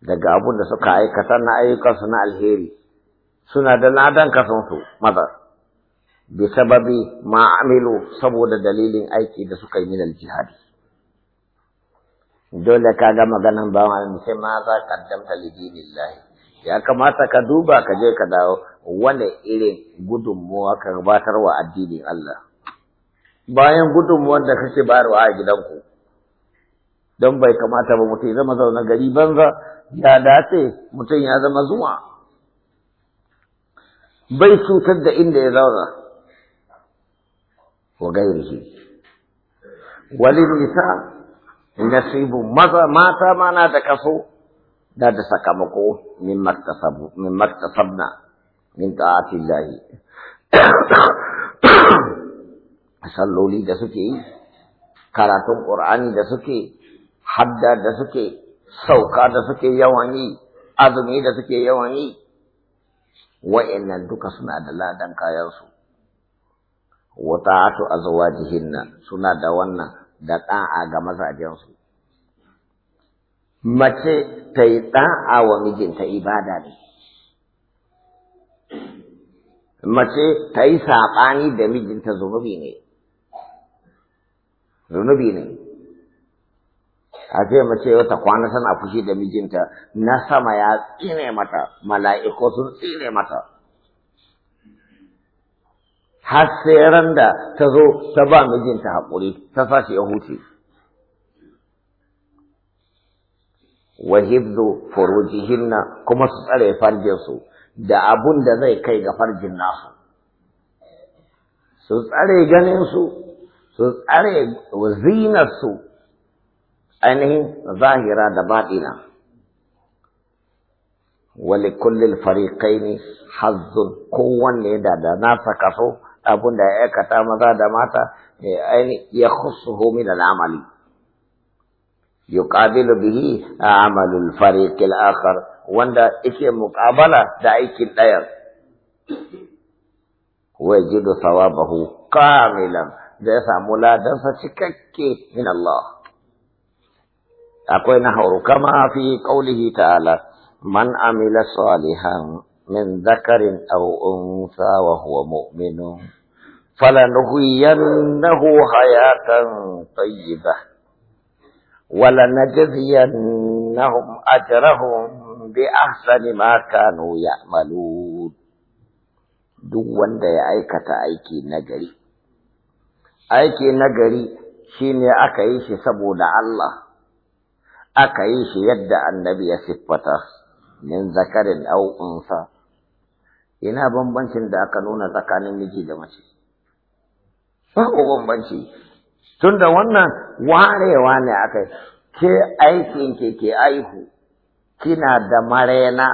daga abun da suka aikata na ayyukansu na alheri suna da ladan kasonsu maza bisababi ma'amilu saboda dalilin aiki da suka yi min aljihadi dole ka ga maganan ba ma sai ma za ka damta lidinillahi ya kamata ka duba ka je ka dawo wani irin gudunmuwa ka wa addinin Allah bayan gudunmuwar da kake bayarwa a gidanku don bai kamata ba mutum zama zaune gari banza ya dace mutum ya zama zuwa bai cutar da inda ya zauna wa gairihi walin nisa nasibu maza mata mana da kaso da da sakamako min maktasabu min maktasabna min ta'atillahi salloli da suke yi karatun qur'ani da suke hadda da suke sauka da suke yawan yi azumi da suke yawan yi wa'annan duka suna da ladan kayansu wa ta'atu azwajihinna suna da wannan da ɗa'a ga mazajensu. Mace ta yi ɗa'a wa mijinta ibada ne. Mace ta yi saɓani da mijinta zunubi ne. Zunubi ne. a ce mace wata kwana sana fushi da mijinta na sama ya tsine mata mala'iku sun tsine mata har sai ran da ta zo ta ba mijinta haƙuri ta sashi ya huce wa hibzu furujihinna kuma su tsare farjinsu da abun da zai kai ga farjin nasu su tsare ganinsu su tsare zinarsu ainihin zahira da baɗina ne الفريقين kowanne da da ناس كفو abun da ya aikata maza da mata ya khusuhu min al'amali yuqabilu bihi amalul fariq al-akhar wanda yake muqabala da aikin dayar wajidu thawabahu kamilan da ya samu ladansa cikakke min Allah akwai na hauru kama fi qaulihi ta'ala man amila salihan من ذكر أو أنثى وهو مؤمن فلنحيينه حياة طيبة ولنجزينهم أجرهم بأحسن ما كانوا يعملون duk wanda ya aikata aiki nagari aiki nagari shine aka yi shi saboda Allah aka yi shi yadda annabi ya siffata min zakarin au unsa ina bambancin da aka nuna tsakanin miji da mace babu bambanci tunda wannan warewa ne aka ke aikin ke ke aihu kina da marena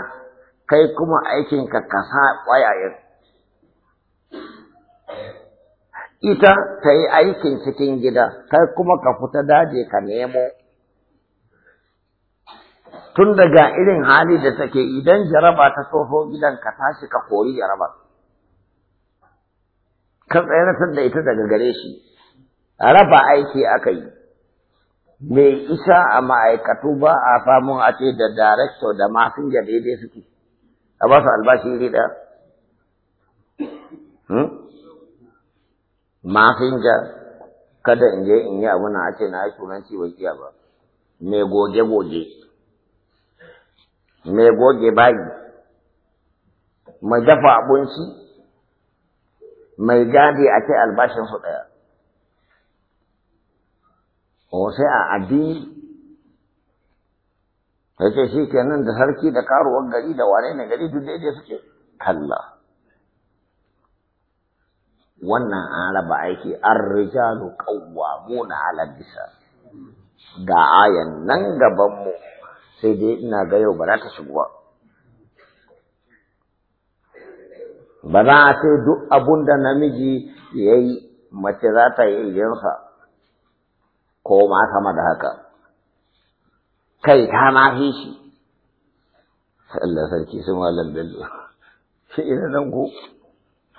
kai kuma aikin ka kasa ƙwayayen ita ta yi aikin cikin gida kai kuma ka fita daji ka nemo tun daga irin hali da take idan jaraba ta soho, gidan ka tashi ka kori jarabar. ka tsayaratar da ita daga gare shi raba aiki aka yi mai isa a ma'aikatu ba a samun a ce da darakta da masinja daidai suke a ba su albashi iri ɗaya hmm? masinja kada in je in yi abu na a ce na yi turanci bai iya ba mai goge-goge mai goge bayi mai dafa abinci mai gadi a ce albashin su ɗaya. O a addini? ya ce shi kenan da sarki da karuwar gari da wane ne gari duk daidai suke kalla. Wannan an raba aiki an rijalu qawwamuna ala nisa. Ga ayan nan gabanmu sai dai ina ga yau ba za ta shigo ba. ba za a ce duk abun da namiji ya yi mace za ta yi jinsa ko ma sama da haka kai ta ma fi shi Allah sarki sun malam bello shi ina nan ku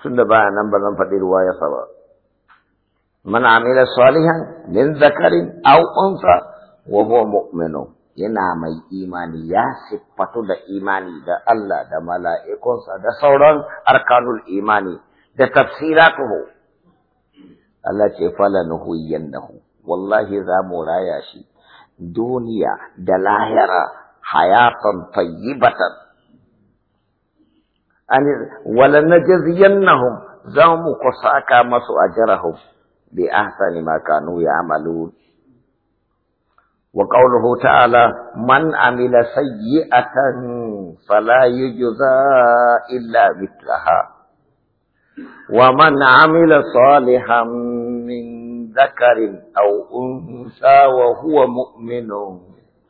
sun da baya nan ba zan faɗi ruwa ya saba mana amila salihan min zakarin aw unsa wa huwa mu'minun yana mai imani ya siffatu da imani da Allah da mala'ikunsa da sauran arkanul imani da tafsiratuhu Allah ce fala nuhuyyannahu wallahi za mu raya shi duniya da lahira hayatan tayyibatan an wala najziyannahum za mu kusaka masu ajrahum bi ahsani ma kanu ya'malun وقوله تعالى من عمل سيئة فلا يجزى إلا مثلها ومن عمل صالحا من ذكر أو أنثى وهو مؤمن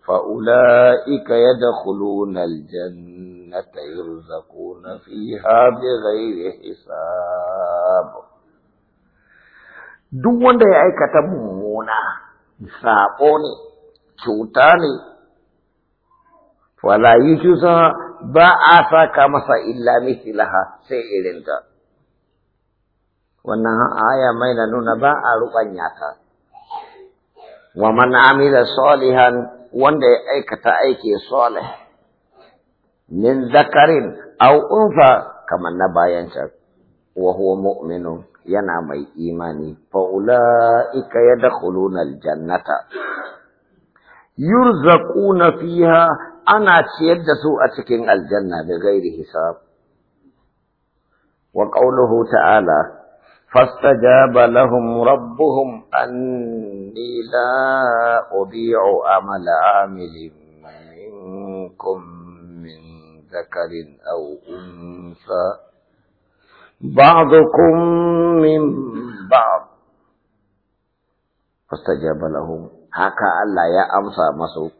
فأولئك يدخلون الجنة يرزقون فيها بغير حساب دون ده aikata ساقوني cuta ne wala yujusa ba a saka masa illa laha sai irinta wannan aya mai na nuna ba a ruɓanya ta wa man amila salihan wanda ya aikata aiki salih min zakarin aw unfa kamar na bayan can wa huwa yana mai imani fa ulaika yadkhuluna jannata. يرزقون فيها أنا تشيد سوء الجنة بغير حساب وقوله تعالى فاستجاب لهم ربهم أني لا أضيع عمل عامل منكم من ذكر أو أنثى بعضكم من بعض فاستجاب لهم haka Allah ya amsa masu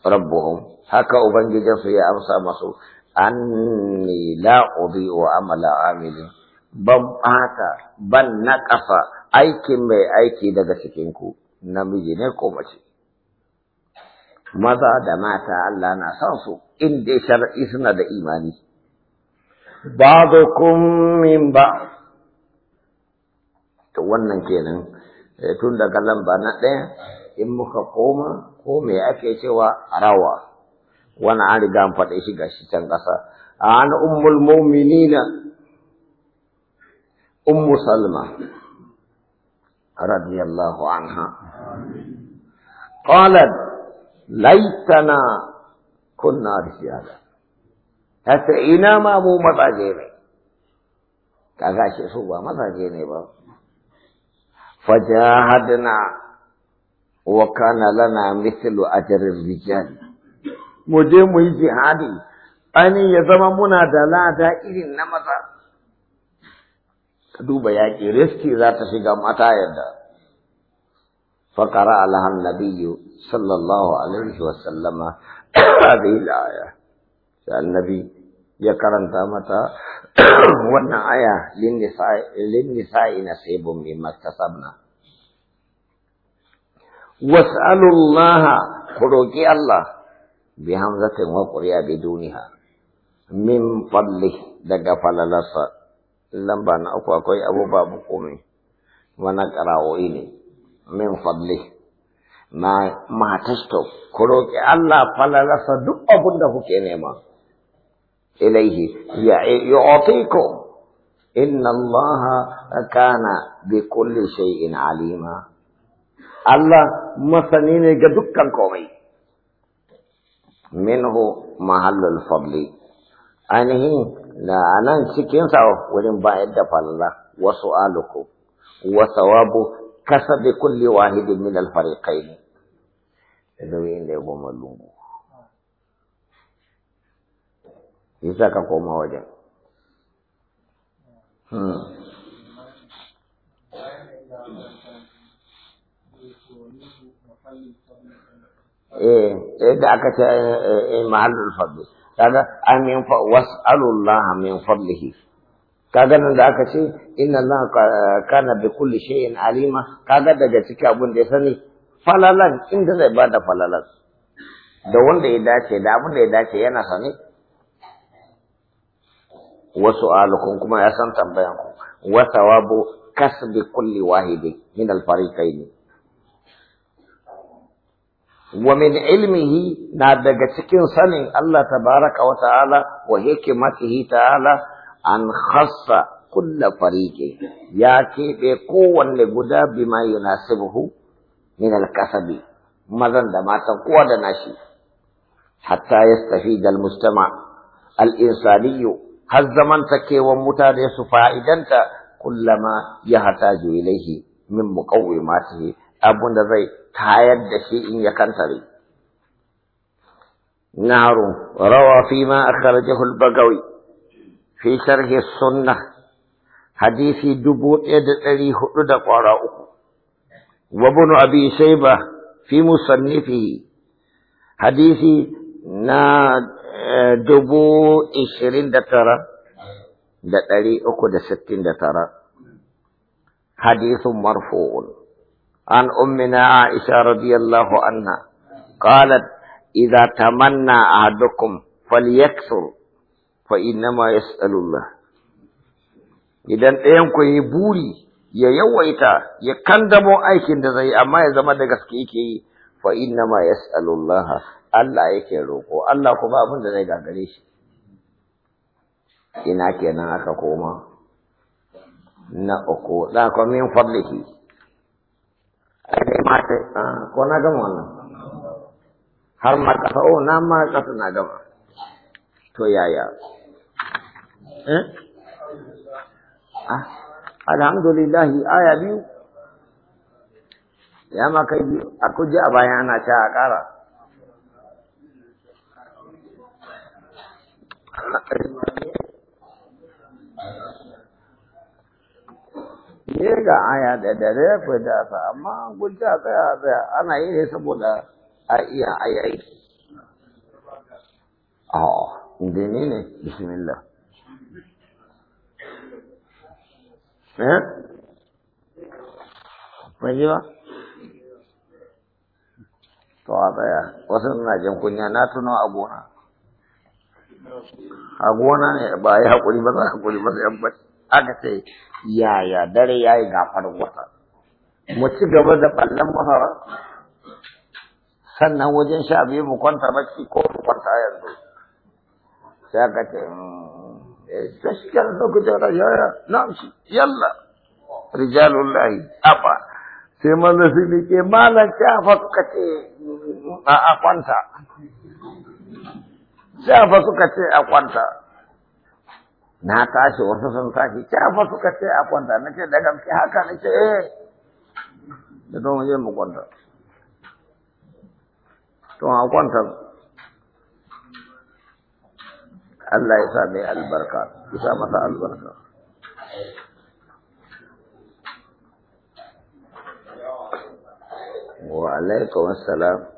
rabbuhum haka ubangijinsu ya amsa masu anni la udhi'u amala amilin ban ɓata ban na ƙafa aikin mai aiki daga cikinku namiji ne ko mace maza da mata Allah na san su in dai shar'i suna da imani ba'dukum min ba to wannan kenan eh, tun daga lamba na ɗaya in muka koma ko me ake cewa rawa wani an riga an faɗe shi gashi can ƙasa an ummul mu'minina ummu salma radiyallahu anha qalat laitana kunna rijala Tace ina ma mu mazaje ne kaga shi su ba mazaje ne ba fajahadna wa na lana mithlu ajrin rijal mu je mu yi jihadi ani ya zama muna da lada irin na maza ka duba yaƙi riski za ta shiga mata yadda فقرأ لها النبي صلى الله عليه وسلم هذه الآية النبي يقرن تامتا وانا آية للنساء للنساء نصيب مما اكتسبنا was'alullaha ku roƙi Allah bi hamzatin wa qurya bi duniha min fadli daga falalasa lamba na akwai abu babu komai wani ƙarawo'i ne min fadli na matasto ku roƙi Allah falalasa duk abunda da kuke nema ilaihi ya yu'tikum inna Allah kana bi kulli shay'in alima Allah masani ne ga dukkan komai minhu mahallul fadli ainihin na nan cikin sa wurin bayar da falala wasu aluku wa kasa kasabi kulli wahidin min al da dawin da goma lungu yasa ka koma wajen hmm eh yadda aka ce eh, eh, mahallul fadli kaga an min fa was'alullaha min fadlihi kaga nan da aka ce inna allaha kana bi kulli shay'in alima kaga daga cikin abun da ya sani falalan inda zai bada falalan da wanda ya dace da abun da ya dace yana sani wa su'alukum kuma ya san tambayan ku wa thawabu kasbi kulli wahidin min al-fariqaini ومن علمه نادق سكين سني الله تبارك وتعالى وحكمته تعالى أن خص كل فريق ياكي بقوان لغدا بما يناسبه من الكسب مذن دما تقوى دناشي حتى يستفيد المجتمع الإنساني هزمن تكي ومتاريس فائدنت كلما يحتاج إليه من مقوماته abun da zai tayar da shi in ya kantare نهر روى فيما أخرجه البقوي في شرح السنة حديث دبو يد الذي هدد قراءه وابن أبي شيبة في مصنفه حديث نا دبو إشرين دترة دتري أكو دستين دترة حديث مرفوع عن أمنا عائشة رضي الله عنها قالت إذا تمنى أحدكم فليكثر فإنما يسأل الله إذا أيامكم يبوري يا يويتا يا كندمو أيكين زي أما يا زمانكاسكيكي فإنما يسأل الله الله يكرهه الله كما أبن زي غريش إنك أنا أكاكوما na uku da kuma min fadlihi kamata ah, ko na gama wannan har ma kafa oh na ma kafa na gama to yaya eh ah alhamdulillah aya biyu ya ma kai biyu a ji a baya ana ta a ƙara ne ga aya da dare ya da sa amma gulci a tsaya tsaya ana yi ne saboda a iya ayi a inda ne ne bismillah eh ji ba to a tsaya wasu na jin kunya na tuno a gona a gona ne ba ya haƙuri ba za a hakuri ba sai an aka ce yaya dare ya yi gafarin wata mu ci gaba da ɓallon masara sannan wajen sha biyu mu kwanta baki ko mu kwanta yanzu sai aka ce hmm, eh, gaskiyar lokacin yaya na shi yalla rijalun lahi afa sai manzo su ne ke malan shafa suka ce a kwanta shafa suka ce a kwanta na tashi wasu sun tashi ta fa suka ce a kwanta na ce da gamsi haka na ce eh da don je mu kwanta to a kwanta Allah ya sa mai albarka ya sa masa albarka wa alaikum assalam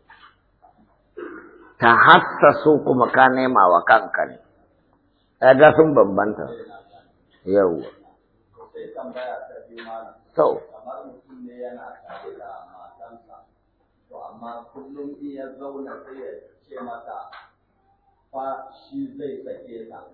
ta hassasu kuma ka nema wa kanka ne ga sun bambanta yau to amma kullum in ya zauna sai ya ce mata fa shi zai sake ta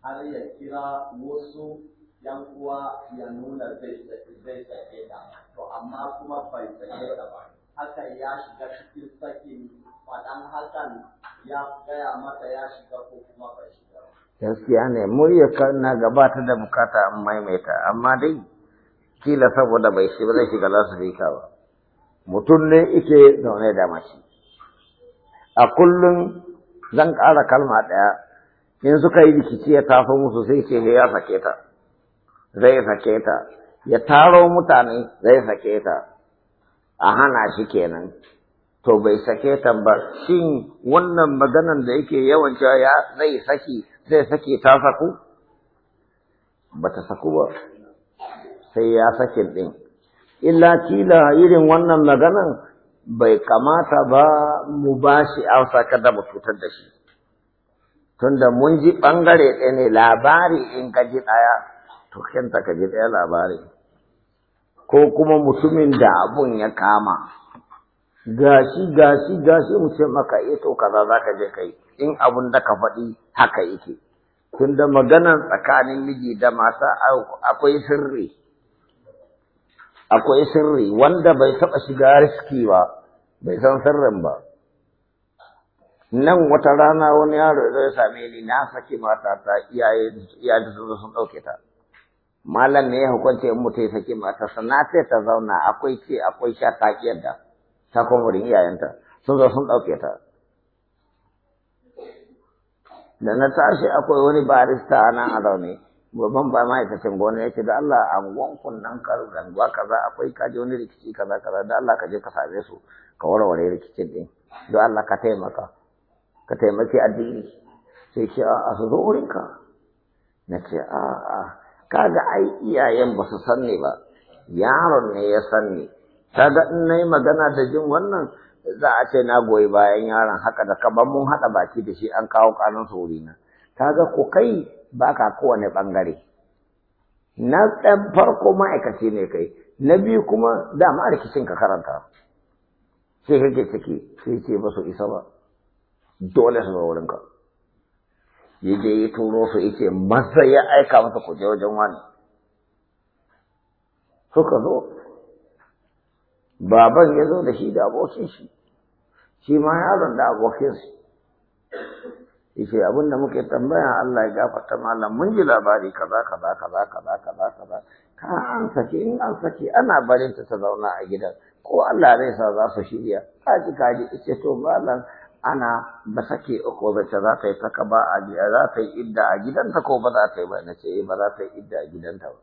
har ya kira wasu yan uwa ya nuna zai sake ta to amma kuma bai sake ta ba haka ya shiga cikin sakin faɗan hakan ya gaya ya shiga gaskiya ne muryarka na gabata da bukata an maimaita amma dai kila saboda bai shi ba zai shiga za su fi ba mutum ne ike zaune da mashi a kullum zan ƙara kalma ɗaya in suka yi rikici ya tafi musu sai ce ya sake ta zai sake ta ya taro mutane zai sake ta a hana shi kenan to bai sake ta ba shin wannan maganan da yake yawan cewa ya zai saki zai sake ta saku ba ta saku ba sai ya sake din illa kila irin wannan maganan bai kamata ba mu ba shi amsa kada mu cutar da shi tunda mun ji bangare ɗaya ne labari in ka ji ɗaya to kenta ka ji ɗaya labari ko kuma mutumin da abun ya kama gashi gashi gashi mu ce maka ito eh kaza za ka je kai in abun da ka faɗi haka yake tunda maganar tsakanin miji da mata akwai sirri akwai sirri wanda bai taɓa shiga riski ba bai san sirrin ba nan wata rana wani yaro zai same ni na saki mata ta iyaye iyaye sun ɗauke ta malam ne ya hukunce in mutum ya saki mata sana ta zauna akwai ce akwai sha ta da ta wurin iyayenta sun zo sun ɗauke ta da na tashi akwai wani barista a nan a zaune babban ba ma'aikacin gona yake da Allah a wankun nan kar ganguwa kaza akwai kaje wani rikici kaza kaza da Allah ka je ka same su ka warware rikicin ɗin. don Allah ka taimaka ka taimaki addini sai ce a su zo wurinka na ce a a kaga ai iyayen ba su san ne ba yaron ne ya san ne kaga in nayi magana da jin wannan za a ce na goyi bayan yaron haka da kaban mun haɗa baki da shi an kawo ƙarin saurina kaga ku kai baka kowane ɓangare na ɗan farko ma'aikaci ne kai na biyu kuma dama rikicin ka karanta sai kake ciki sai ce ba su isa ba dole su wurin ka ya ya turo su yake masa ya aika masa kuje wajen wani suka zo baban ya zo da shi da abokin shi shi ma yaron da abokin shi yace abin da muke tambaya Allah ya gafarta malam mun ji labari kaza kaza kaza kaza kaza kaza ka an saki? in an saki. ana barin ta ta zauna a gidan ko Allah zai sa za su shirya ji ka ji. ita to malam ana ba sake uku ba ta za ta yi ta ba a za ta yi idda a gidanta ko ba za ta yi ba na ce eh, ba za ta yi idda a gidanta ba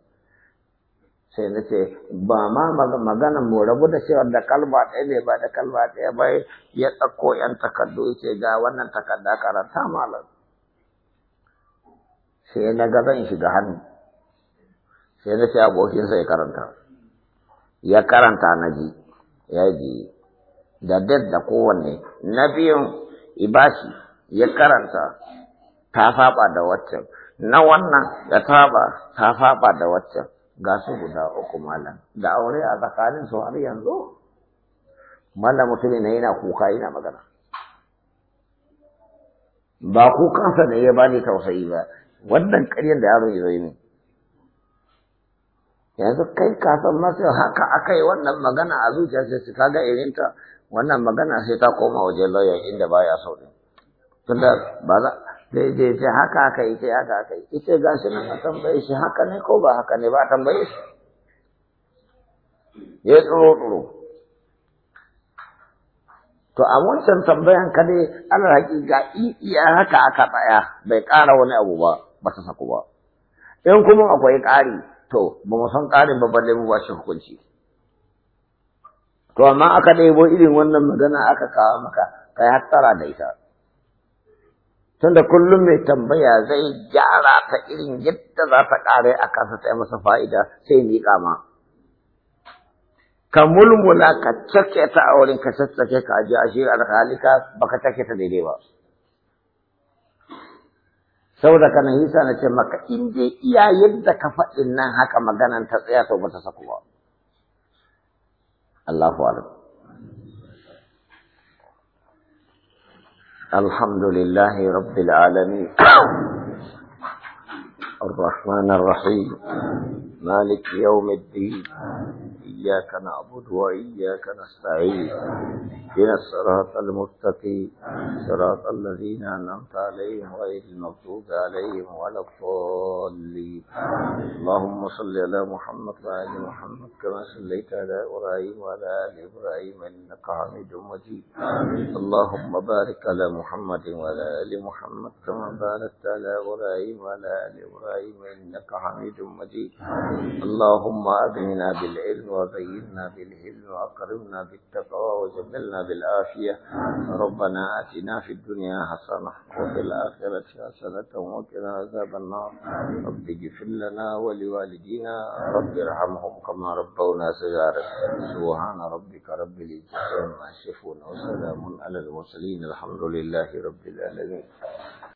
sai na ce ba ma magana mu rabu da cewar da kalma ɗaya ne ba da kalma ɗaya ba ya ɗauko yan takardu ya ce ga wannan takarda karanta malam sai na ga zan shiga hannu sai na ce abokinsa ya karanta ya karanta na ji ya ji da dad da kowanne na biyun ibashi ya karanta ta faɓa da waccan na wannan ya faɓa ta faɓa da waccan ga su guda uku malam da aure a tsakanin su har yanzu malam mutumin na yana kuka yana magana ba kukansa ne ya bani tausayi ba wannan ƙaryan da yaro zai ne yanzu kai ka san haka aka yi wannan magana a zuciya sai su kaga irinta wannan magana sai ta koma waje lauyan inda baya so ne tunda ba za daidai ce haka aka yi ce haka aka yi ita ga shi nan a tambaye shi haka ne ko ba haka ne ba a tambaye shi ya tsoro tsoro to a wancan tambayan ka dai ana hakika iya haka aka tsaya bai ƙara wani abu ba ba ta saku ba in kuma akwai ƙari to ba mu san ƙarin ba balle mu ba shi hukunci to amma aka ɗebo irin wannan magana aka kawo maka kai hattara da ita tunda kullum mai tambaya zai gyara ta irin yadda za ta ƙare a kasa tsaye masa fa'ida sai ni ma. Ka mulmula ka cake ta a wurin ka sassake ka ajiye a shi halika ba ka cake ta daidai ba. Saboda ka hisa na ce maka in dai iya yadda ka faɗi nan haka maganan ta tsaya to ba ta saku ba. Allahu الحمد لله رب العالمين الرحمن الرحيم مالك يوم الدين إياك نعبد وإياك نستعين إن الصراط المستقيم صراط الذين أنعمت عليهم غير المغضوب عليهم ولا الضالين اللهم صل على محمد وعلى محمد كما صليت على إبراهيم وعلى آل إبراهيم إنك حميد مجيد اللهم بارك على محمد وعلى آل محمد كما باركت على إبراهيم وعلى آل إبراهيم إبراهيم إنك حميد مجيد اللهم أغننا بالعلم وزينا بالعلم وأكرمنا بالتقوى وجملنا بالعافية ربنا آتنا في الدنيا حسنة وفي الآخرة حسنة وقنا عذاب النار رب اغفر لنا ولوالدينا رب ارحمهم كما ربونا صغارا سبحان ربك رب العزة عما يصفون وسلام على المرسلين الحمد لله رب العالمين